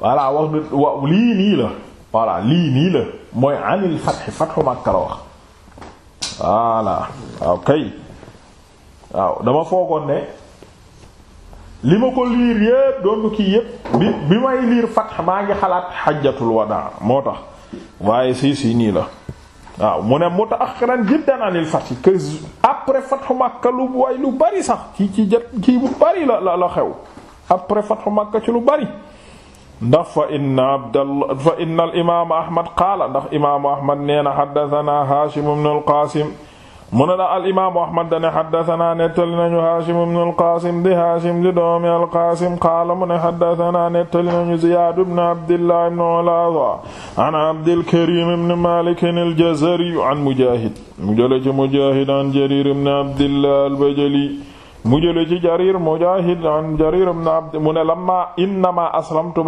voilà wax na wa lii nii la voilà lii nii la mooy anil fatxi fatxu Makka la wax voilà waaw kay waaw dama foogoon ne li ma ko liir yépp doon ko kii yépp bi bi may liir fatx maa ngi xalaat xajjatul wadaa moo tax waaye si si nii la waaw mu ne mutaaxiran jiddan anil fath que après fathu Makka lu way lu bari sax ci ci jot kii bu bari la la la xew après fathu Makka ci lu bari ndax fa inna abdallah fa inna al imaamu Ahmad qaala ndax imaamu Ahmad nee na haddathana Haashim ibn al Qaasim mu ne la al imaamu ahmad dane xaddatanaa nettali nañu haashim ibnu alqaasim di haashim di doomi alqaasim qaala mu ne xaddatanaa nettali nañu ziyaad ibnu abdillah ibnu ulaasa an abdilkarim ibnu malikin aljazari an mujaahid mu jële ci mujaahid an jarir ibnu abdillah albajali mu jële ci jarir mujaahid an jarir ibnu abd mu ne lamma innama aslamtu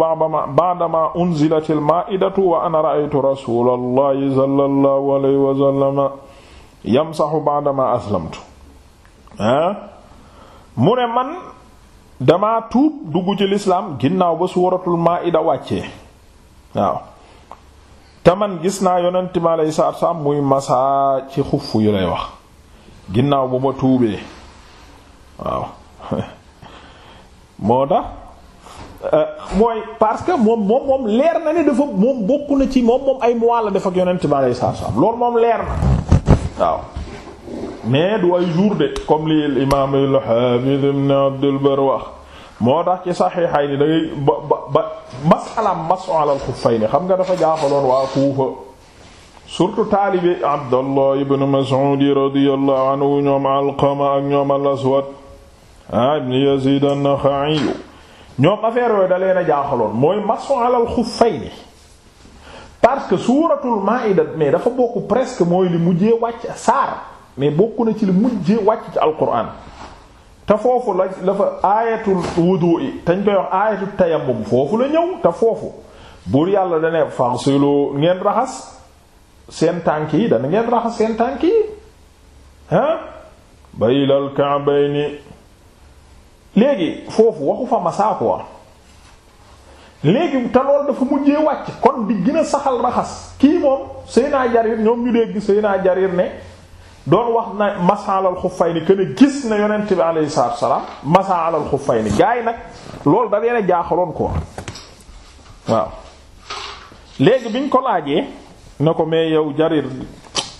ba'dama unzilatil maa'idatu wa ana ra'aytu rasuulallahi sallallahu alayhi wa sallam yamsaxu ba'dama aslamtu ah mu ne man damaa tuub dugg ci lislaam ginnaaw ba suuratul maa'ida wàccee waaw te man gis naa yonent ma lay saat saam muy masaa ci xuf yu lay wax ginnaaw bu ma tuubee waaw moo tax euh, mooy parce que moom moom moom leer na ne dafa moom bokk na ci moom moom ay mois la def ak yonent ma lay saat saam loolu moom leer na waaw mais du ay jour de comme li al imaam al hafiz ibn abdul moo tax ci saxiixay ni da ngay ba ba ba masalaam masu ala al xuffayni xam nga dafa jaaxaloon waa Kuufa surtout taalibe abdallah ibn mas'ud radiyallahu anhu alqama ak ñoom al aswad ah, ibn yazid an-naxa'i ñoom affaire yooyu da leen a jaaxaloon mooy masu ala al parce que suuratul maida mais dafa bokk presque mooy li mujjee wàcc saar mais bokk na ci li mujjee wàcc ci alquran te foofu la dafa aayatul wudu yi te ñu koy wax aayatul tayammum foofu la ñëw te foofu buur yàlla dane faxsilu ngeen raxas seen tànk yi dana ngeen raxas seen tànk yi ah ba ilal ka'bayni léegi foofu waxu fa masaa wa léegi te lool dafa mujjee wàcc kon bi gën saxal raxas kii moom naa Jarir ñoom ñu dégg naa Jarir ne doon wax na masa alal xuffayni que ne gis na yonent bi alayhi salaatu wa salaam masa alal fay gaa yi nag lool da leen a jaaxaloon quoi waaw léegi biñ ko laajee ne ko mais yow Jarir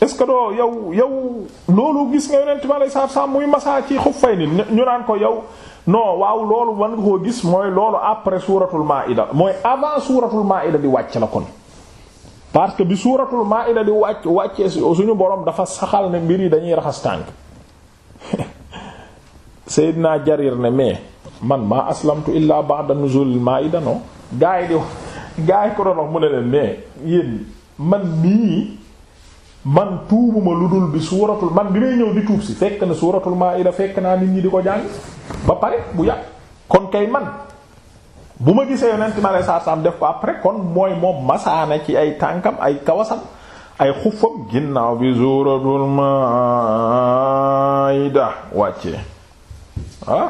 est-ce que doo yow yow loolu gis nga yonent bi alayhi salaatu wa salaam muy masa ci xuffayni ñu naan ko yow. non waaw loolu man nga koo gis mooy loolu après suuratul maa'ida mooy avant suuratul maa'ida di wàcc la kon parce que bi suuratul maa'ida di wàcc wàcce suñu borom dafa saxal ne mbir yi dañuy raxas tànk naa Jarir ne mais man maa aslamtu illaa ba'da nuzulil maa'ida non gaa yi di wax gaa yi ko doon wax mu ne leen mais yéen man nii man tuubuma lu dul bi suuratul man bi may ñëw di tuub si fekk na suuratul maa'ida fekk naa nit ñi di ko jàng ba pare bu yàgg kon kay man bu ma gisee yonent ma lay saa saam def ko après kon mooy moom masaana ci ay tànkam ay kawasam ay xufam ginnaaw bi suuratul maayda wàcce ah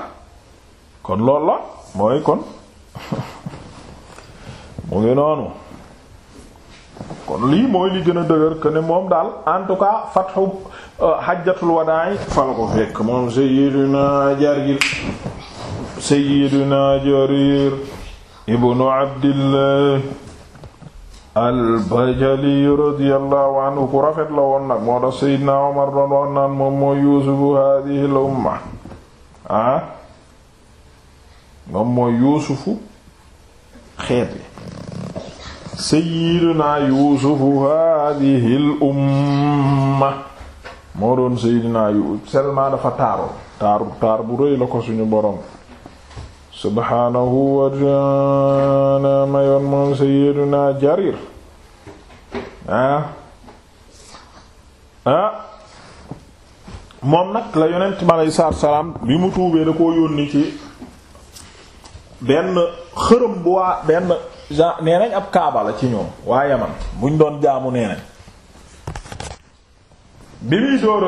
kon loolu la mooy kon mu ngi noonu kon lii mooy li gën a dëgër que moom daal en tout cas fatxu xajjatul euh, wadaay fala fekk moom sayyiduna jarir sayyiduna jarir ibnu abdillah al-Bajali radiyallahu rafet la woon moo tax Seydina Omar moom mooy yuusufu hadihi umma ah moom mooy yuusufu xeet yi sayyidina yuusufu hadihi l umma moo doon sayyidina yuusuf seulement dafa taaroon taar taar bu rëy la ko suñu borom subhaanahu wa ta'aala mayoon moom sayyidina jarir ah ah moom nag la yonent mi aleyhi salaatu wa salaam bi mu tuubee da koo yónni ci benn xërëm bu waa benn genre nee ab kaaba la ci ñoom waa yaman buñ doon jaamu nee nañ bi dóora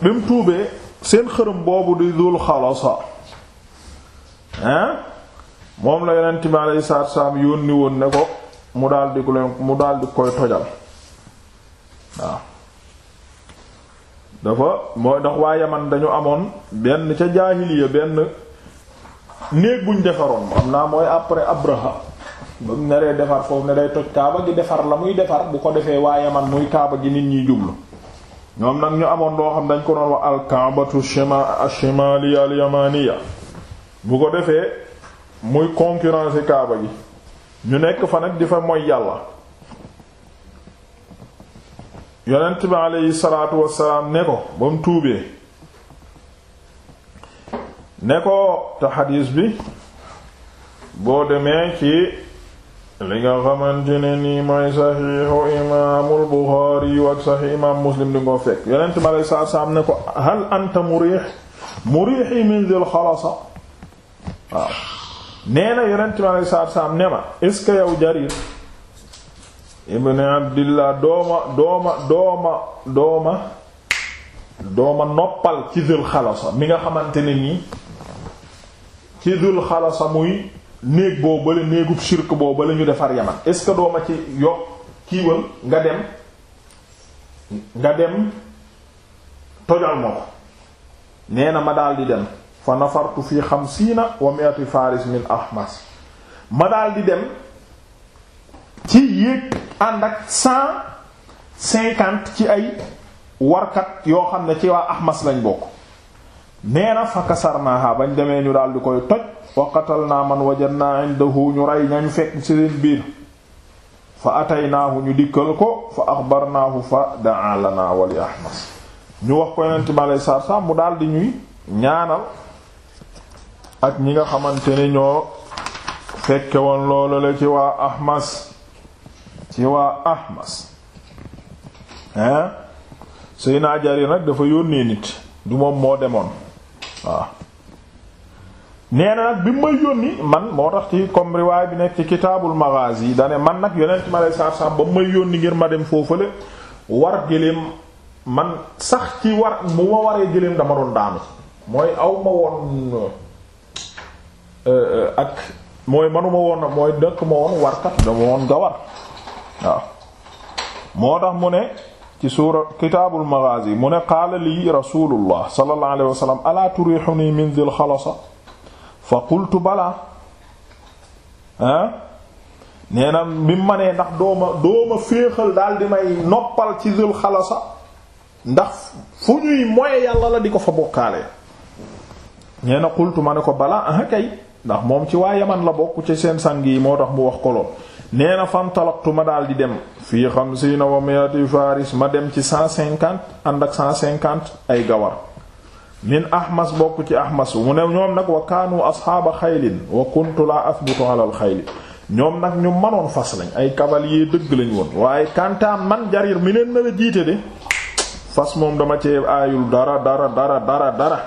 bi mu tuubee seen xërëm boobu di dul xalasa hein moom la yonent bi alayhi salaatu yoon yónni woon ne ko mu dal di ko leen mu daal di koy tojal waaw dafa mooy ndax waa yaman dañu amoon benn ca jaahiliya benn néeg buñ defaroon xam naa mooy après Abraha ba mu naree defar foofu ne day toj kaaba gi defar la muy defar bu ko defee waaye man muy kaaba gi nit ñiy jublu ñoom nag ñu amoon loo xam dañ ko doon wax alkaabatu shimaliya alyamaniya bu ko defee muy concurrence kaaba gi ñu nekk fa nag di fa moy yàlla yonent bi aleyhi salaatu wassalaam ne ko ba mu tuubee ne ko te xadiis bi boo demee ci li nga xamante nii mooy saxiixu imaamul Buxaari ak saxiix imaam Muslim di nga ko fekk yonent bi alayhi salaatu ne ko hal anta muriix muriixi min dil xalasa waaw nee na yonent bi alayhi ne ma est-ce yow Jarir ibn Abdillah dooma dooma dooma dooma dooma noppal ci dil xalasa mi nga xamante ne nii ci dil xalasa muy néeg boo bale néegub shirk boo bale ñu defar yaman est-ce que dooma ci yokk kiiwal nga dem nga dem tojal ma ko nee na ma daal di dem fa nafartu fi xamsiina wa mi'ati faris min ahmas ma daal di dem ci yéeg ànd ak cent cinquante ci ay warkat yoo xam ne ci waa ahmas lañ bokk nee fa kasarnaha bañ demee ñu daal di koy toj wa qatalnaa man wajadnaa indahu ñu rey ñañ fekk ci seen biir fa ataynaahu ñu dikkal ko fa axbarnaahu fa daa lanaa wali ahmas ñu wax ko yonent mi alayhi salaatu salaam mu daldi ñuy ñaanal ak ñi nga xamante ne ñoo fekke woon loolu la ci waa ahmas ci waa ahmas hein Seydina Jarir nag dafa yónnee nit du moom moo demoon waaw nee na nag bi may yónni man moo tax ci comme riwaay bi nekk ci kitaabul maghazi dane man nag yonent ma lay saar saam ba mu may yónni ngir ma dem foofale war géléem man sax ci war mu ma waree géléem dama doon daanu mooy aw ma woon euh, euh, mooy manuma woon mooy dëkk ma woon warkat dama woon nga war moo tax mu ne ci suura kitaabul maghazi mu ne qaala lii rasulullah sallallahu alayhi wa sallam ala turihuni min fa qultu balaa ah nee na bi ma nee ndax dooma dooma féexal daal di may noppal ci zul xalasa ndax fu ñuy moye yàlla la di ko fa bokkaale nee na ma ne ko balaa ah kay ndax moom ci waa yaman la bokk ci seen sang yi moo tax mu wax ko lool nee na fantalaktu ma daal di dem fii xamsiina wa mi'ati faris ma dem ci cent cinquante ànd ak cent cinquante ay gawar min ahmas bokk ci ahmas mu ne ñoom nag wa kaanu asxaaba xaylin wa kuntu laa athbutu ala ñoom nag ñu manoon fas lañ ay cavalier dëgg lañ woon waaye kantaan man jarir mi leen na la jiite de fas moom dama cee aayul dara dara dara dara dara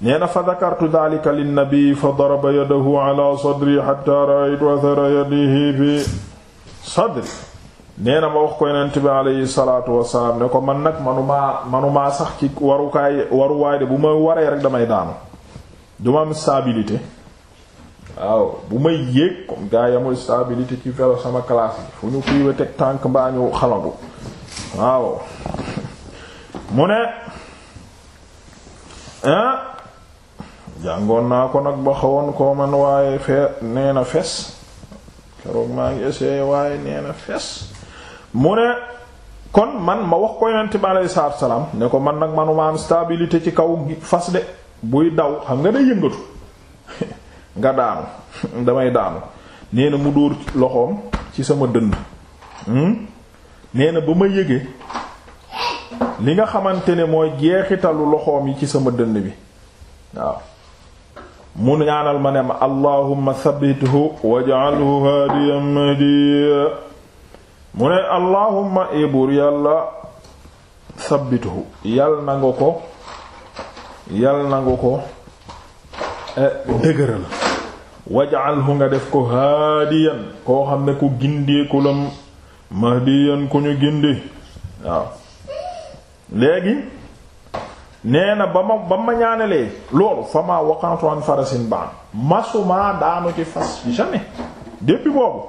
nee na fa dakartu dhalika linnabii fa daraba yadahu ala sadri nee ma wax ko yonent bi alayhi salaatu wasalaam ne ko man nag manumaa manumaa sax ci warukaay waruwaay de bu ma waree rek damay daanu duma am stabilité waaw bu may yéeg comme gaa yi amul stabilité ci vélo sama classe yi fu ñu kuy teg tànk mbaa xalangu waaw mu ne ah, jàngoon naa ko nag ba xawoon koo man waaye fe nee fes keroog maa ngi essayé waaye nee fes mu ne kon man ma wax ko yonent bi aleyhi salaatu salaam ne ko man nag manuma am stabilité ci kaw fas de buy daw xam nga day yëngatu nga daanu damay daanu nee mu dóor loxoom ci sama dënd hmm? nee na ba ma yëgee li nga xamante ne mooy jeexitalu loxoom yi ci sama dënd bi waaw mu ñaanal ma ne ma allahumma thabbithu waj'alhu hadiyan mahdiya mu ne allahumma ebuur yàlla sabbituhu yàlla na nga ko yàlla na nga ko dëgëral waj'alhu nga def ko haadiyan koo xam ne ku gindeeku la mahdiyan ku ñu gindi waaw léegi nee na ba ma ba ma ñaanalee loolu fa ma waqantu an farasin baan masumaa daanu ci fas jamais depuis boobu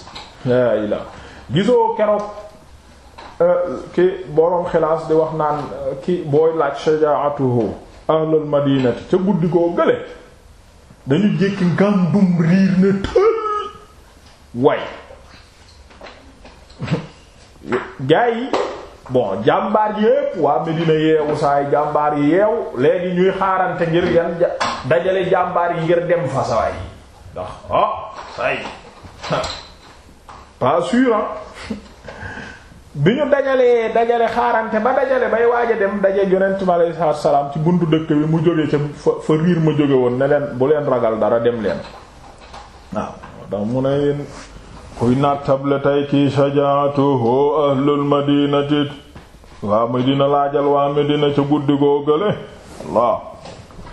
laa ilaa gisoo keroog euh, ki boroom xilaas di wax naan euh, ki booy laaj shajaa'atuhu ahlul madinati ca guddi koo gële dañu jékki ngàndum riir na tël way gaa yi bon jàmbaar yépp waa Medina yeewu saay jàmbaar yi yeew léegi ñuy xaarante ngir yan dajale jàmbaar yi ngir dem fa sawaay ndax ah say pas sûr bi ñu dajalee dajale xaarante ba dajale bay waaj dem daje yonent mi aleyhi salaatu salaam ci buntu dëkk bi mu jógee ca fa fa riir ma jóge woon ne leen bu leen ragal dara dem leen waaw ndax mu ne yéen kuy nattable tey kii shajaatuhu ahlul madinati waa Medina laajal waa Medina ca guddi goo gële Allah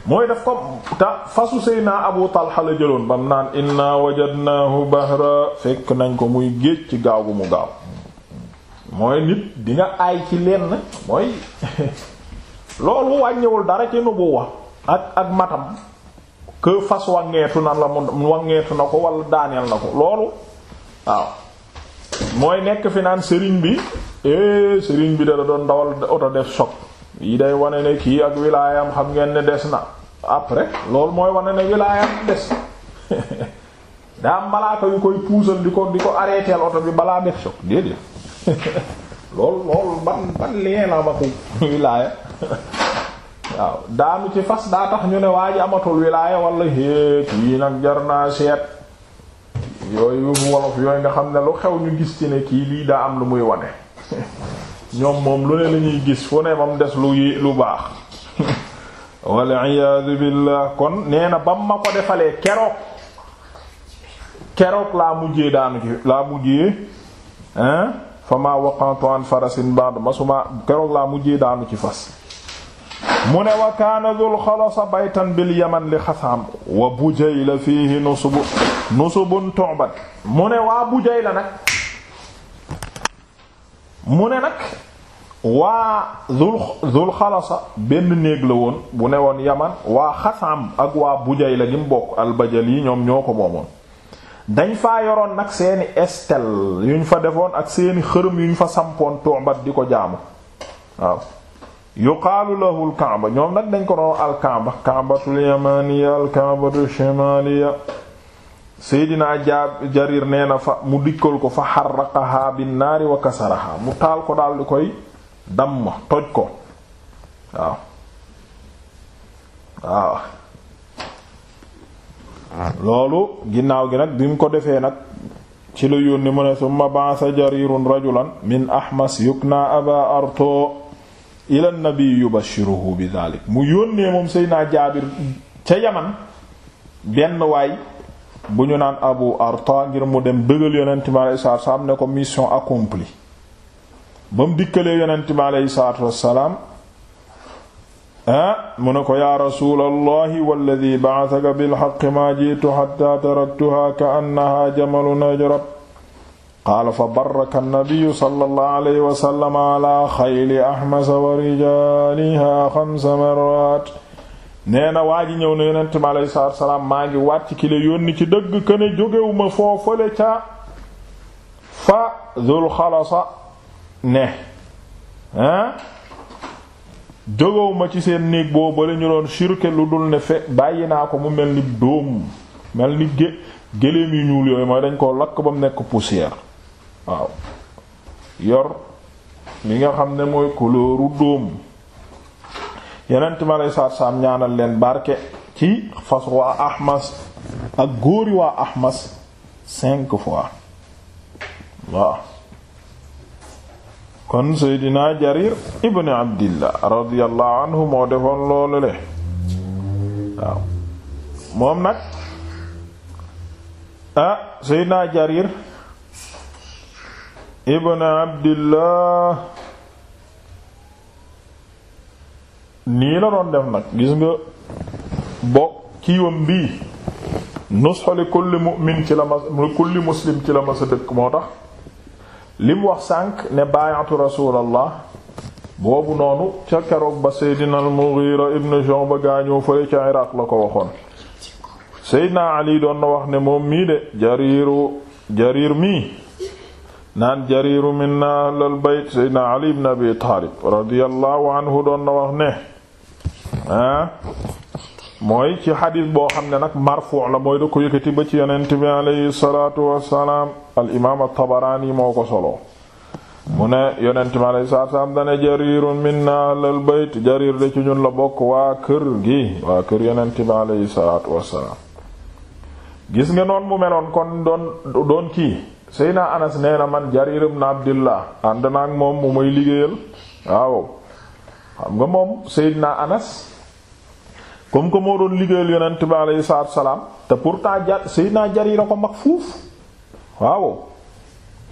mooy daf ko ta fasu Seydina Abu Talha la jëloon bam naan inna wajadnahu bahra fekk nañ ko muy géej ci gaaw bu mu gaaw mooy nit dinga ay ci lenn mooy loolu wàññiwul dara ci nubuwa ak ak matam que fas wangeetu na la mu wangeetu na ko wala daaneel na ko loolu waaw mooy nekk fi naan sëriñ bi eh, sëriñ bi da doon dawal oto def choc yi day wane ne kii ak wilaayam xam ngeen ne des na après loolu mooy wane ne wilaayam des daa am malaaka yu koy puusal di ko di ko arrêté oto bi balaa def choc déedéet loolu loolu ban ban lien la ma ko wilaaya waaw daanu ci fas daa tax ñu ne waa ji amatul wilaaya wala héet yii nag jar naa seet yooyu wolof yooyu nga xam ne lu xew ñu gis ci ne kii lii daa am lu muy wane ñoom moom lu ne lañuy gis fu ne ba mu des lu lu baax wal iyaadu billah kon nee na mu ma ko defalee keroog keroog laa mujjee daanu ci laa mujjee hein fa ma waqantu an farasin ba'd masuma keroog laa mujjee daanu ci fas mu ne wa kaana dhul xalasa baytan bil yaman li xasaam wa bujayla fiihi nusubu nusubun tu'bat mu ne waa bujayla nag mu ne nag waa zul zul xalasa benn néeg la woon bu newoon woon yaman waa xasam ak waa bujay la gi mu bokk albajal yi ñoom ñoo ko moomoon dañ fa yoroon nag seeni estel yuñ fa defoon ak seeni xërëm yuñ fa sampoon tombat di ko jaamu waaw yuqaalu lahul kaaba ñoom nag dañ ko doon al kaaba kaabatul yamaniya al kaabatu shimaliya seydina jarir nee na fa mu dikkal ko fa xaraka bin naari wa kasaraha mu taal ko daal di koy damm toj ko waaw waaw loolu ginnaaw gi nag bi mu ko defee nag ci la yónni mu ne summa ba'sa jarirun rajulan min ahmas na aba arto ila nabi yubashiruhu bi dhalik mu yónnee moom seydinaa jaabir ca yaman benn waay bu ñu naan abu arta ngir mu dem bëggal yonent mi alayhi salaam ne ko mission accomplie ba mu dikkalee yonent bi aleyhi salaatu wassalaam ah mu ne ko yaa rasulallahi walladi ba'athaka bilhaqqi maa jiitu hatta taraktuha ka annaha jamalun ajrad fa barraka nnabiyu sallallahu alayhi wa sallam ala xayli ahmasa wa rijaaliha xamsa marrat nee na waa ji ñëw na yonent bi aleyhi salaatu wassalaam maa ngi wàcc ki la yónni ci dëgg foofale ca fa dhul xalasa ne ah jógow ci seen néeg boobu la ñu doon shirke lu dul ne fe bàyyi naa ko mu mel ni dóom mel ni gé géléem yu ñuul yooyu mooy dañ koo lakk ba mu nekk poussière waaw yor li nga xam ne mooy couleur dóom yenent ma lay saat saam ñaanal leen barke ci fas waa ahmas ak góori waa ahmas cinq fois waaw kon seydina jarir ibn abdillah radiyallahu anhu moom nag ah seydina jarir ibn abdillah nii la doon def nag gis nga bokk kiiwam bii nusxa li kulli mu'min ci la mas li kulli muslim ci la mas a dëkk lim wax sànq ne baayatu rasulallah boobu noonu ca keroog ba seydina al Mughira ibn Shu'ba gaañoo fële ca Iraq la ko waxoon seydina Ali doon wax ne moom mii de jariiru jariir mii naan jariiru minna ahlal bayt seydina Ali ibn Abi Taalib radiyallahu anhu doon wax ne ah, mooy ci xadis boo xam ne nag marfuu la mooy da ko yëkkati ba ci yonent bi alayhi salaatu wassalaam al imaam at-Tabaraani moo ko solo mu ne yonent bi alayhi salaatu wassalaam dane jarirun minna ahlal bayt jarir de ci ñun la bokk waa kër gi waa kër yonent bi alayhi salaatu wassalaam gis nga noon mu meloon kon doon doon kii Seydina Anas nee na man Jarir ibn Abdillah ànd naag moom mu may liggéeyal waaw xam nga moom Seydina Anas comme que moo doon liggéeyal yonent bi aleyhi salaatu salaam te pourtant jar Seydina Jarir a ko mag fuuf waaw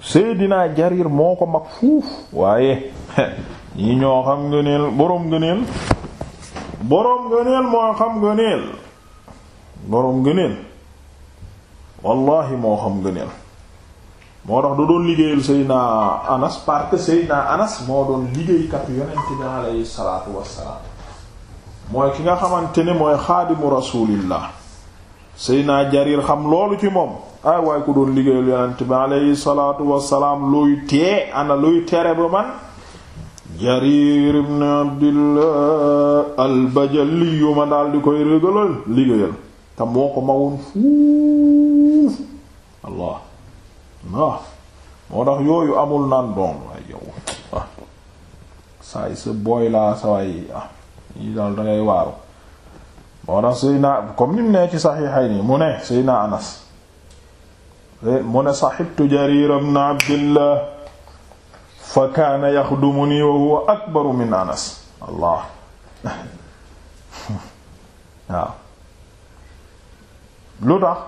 Seydina Jarir moo ko mag fuuf waaye ñi ñoo xam ngëneel boroom ngëneel boroom moo xam ngëneel boroom ngëneel wallahi moo xam ngëneel moo tax du doon liggéeyal Seydina Anas parce que Seydina Anas moo doon liggéeykat yonent bi aleyhi wassalaam mooy ki nga xamante ne mooy xaadimu rasulillah naa Jarir xam loolu ci moom ay waaye ku doon liggéeyal yonent bi aleyhi salaatu wassalaam luy tee ana luy tere ba man Jarir ibn Abdillah al-Bajali ma daal di koy régalal liggéeyal te moo ko mawoon fuuf Allah moo tax yooyu amul naan doon waaye yow ah. saay sa booy laa sa waay ah. yi daal dangay waaru moo tax Seydina comme nim nee ci Saxiixayni mu ne Seydina Anas mu ne saxibtu Jarir ibn Abdillah fa kaana yaxdumuni wa huwa akbaru min Anas allah waaw lu tax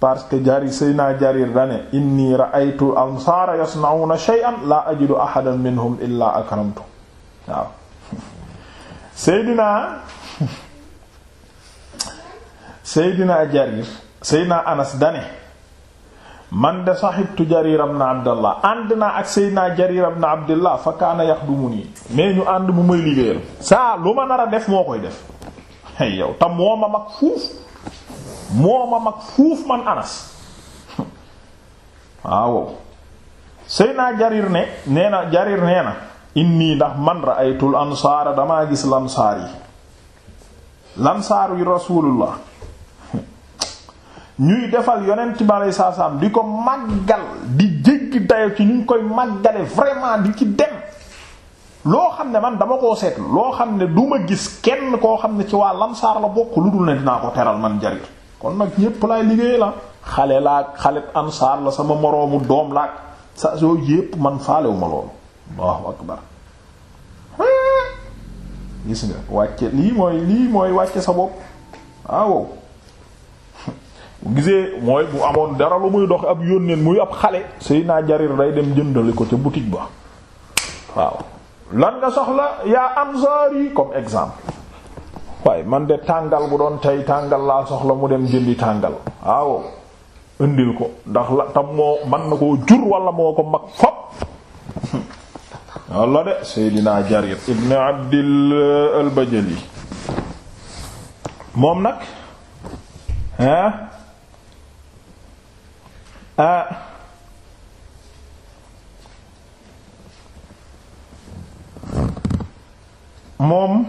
parce que Jarir Seydina Jarir dane inni ra'aytu ansaara yasna'una shay'an la ajidu ahadan minhum illa akramtu waaw Seydina seydinaa Jarir Seydina Anas dane man de saxibtu Jarir ibn Abdallah ànd naa ak Seydina Jarir ibn Abdallah fa kaana yaxdumuni mais ñu ànd mu may liggéeyal saa lu ma nar a def moo koy def ay yow te moo ma mag fuuf moo ma mag fuuf man Anas waaw Seydina Jarir ne nee na Jarir nee na inni ndax man ra'aytul ansaara damaa gis lansaar yi lansaar yi rasulullah ñuy defal yonent bi aleyhi saa salaam di ko màggal di jéggi dayo ci ñu koy màggale vraiment di ci dem loo xam ne man dama koo seet loo xam ne du ma gis kenn koo xam ne ci waa lansaar la bokk lu dul ne dinaa ko teral man jarir kon nag ñépp laay liggéey la xale laa xale ansaar la sama moroomu doom laak sa soo yépp man faalewu ma loolu allahu akbar gis nga wàcce lii mooy lii mooy wàcce sa bopp ah, waaw bu gisee mooy bu amoon dara lu muy dox ab yónneen muy ab xale sëy naa jarir day dem jëndali ko ca boutique ba waaw lan nga soxla yaa ansaar yi comme exemple waaye man de tàngal bu doon tey tàngal laa soxla mu dem jëndi tàngal ah, waaw indil ko ndax la tam moo mën na koo jur walla moo ko mag fop walla de Seydina Jarir ibn Abdil euh, al-Bajali moom nag ah moom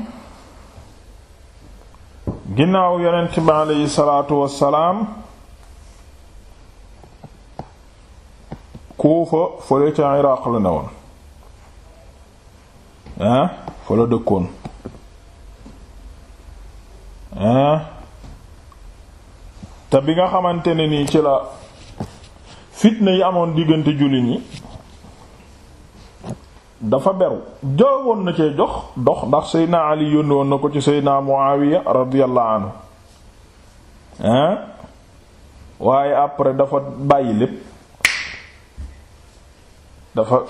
ginnaaw yonent bi aleyhi salaatu wassalaam Kuufa fële ca Iraq la ne woon ah fa la dëkkoon ah te bi nga xamante ne nii ci la fitna yi amoon diggante jullit ñi dafa beru joowoon na cee jox dox ndax Seydina Ali yónni woon na ko ci Seydina Muawiya radiyallahu anhu hein waaye après dafa bàyyi lépp dafa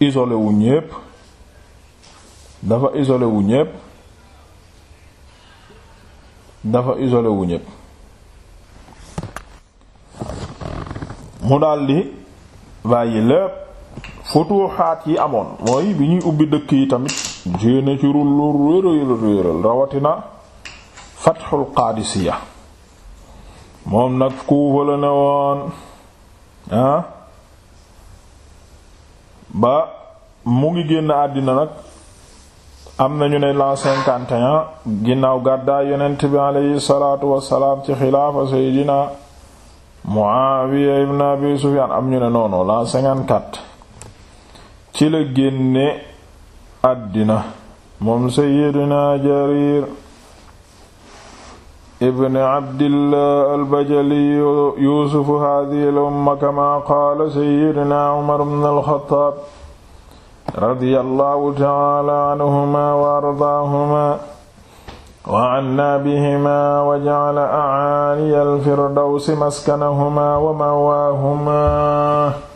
isolé wu dafa isolé wu ñépp dafa isolé ñépp mu daldi bàyyi lépp xaat yi amoon mooy bi ñuy ubbi dëkk yi tamit jéene ci rullul wéral rawatina fatxul qaadisiya moom nag kuufa la ne woon ah. ba mu ngi génn àddina nag am nañu ne l'an 51 ginnaaw gàddaay yonent bi aleyhi salaatu wassalaam ci xilaafa seydina Muawiya ibn Abi Sufyaan am ñu ne noonu l'an ci la génne àddina moom seydina Jarir ibn Abdillah al-Bajali yuusufu haadihi al-umma kamaa Umar ibn al radiyallahu ta'ala anhuma wa ardaahuma wa anna bihima wa ja'ala a'aaliya al-firdawsi maskanahuma wa ma'waahuma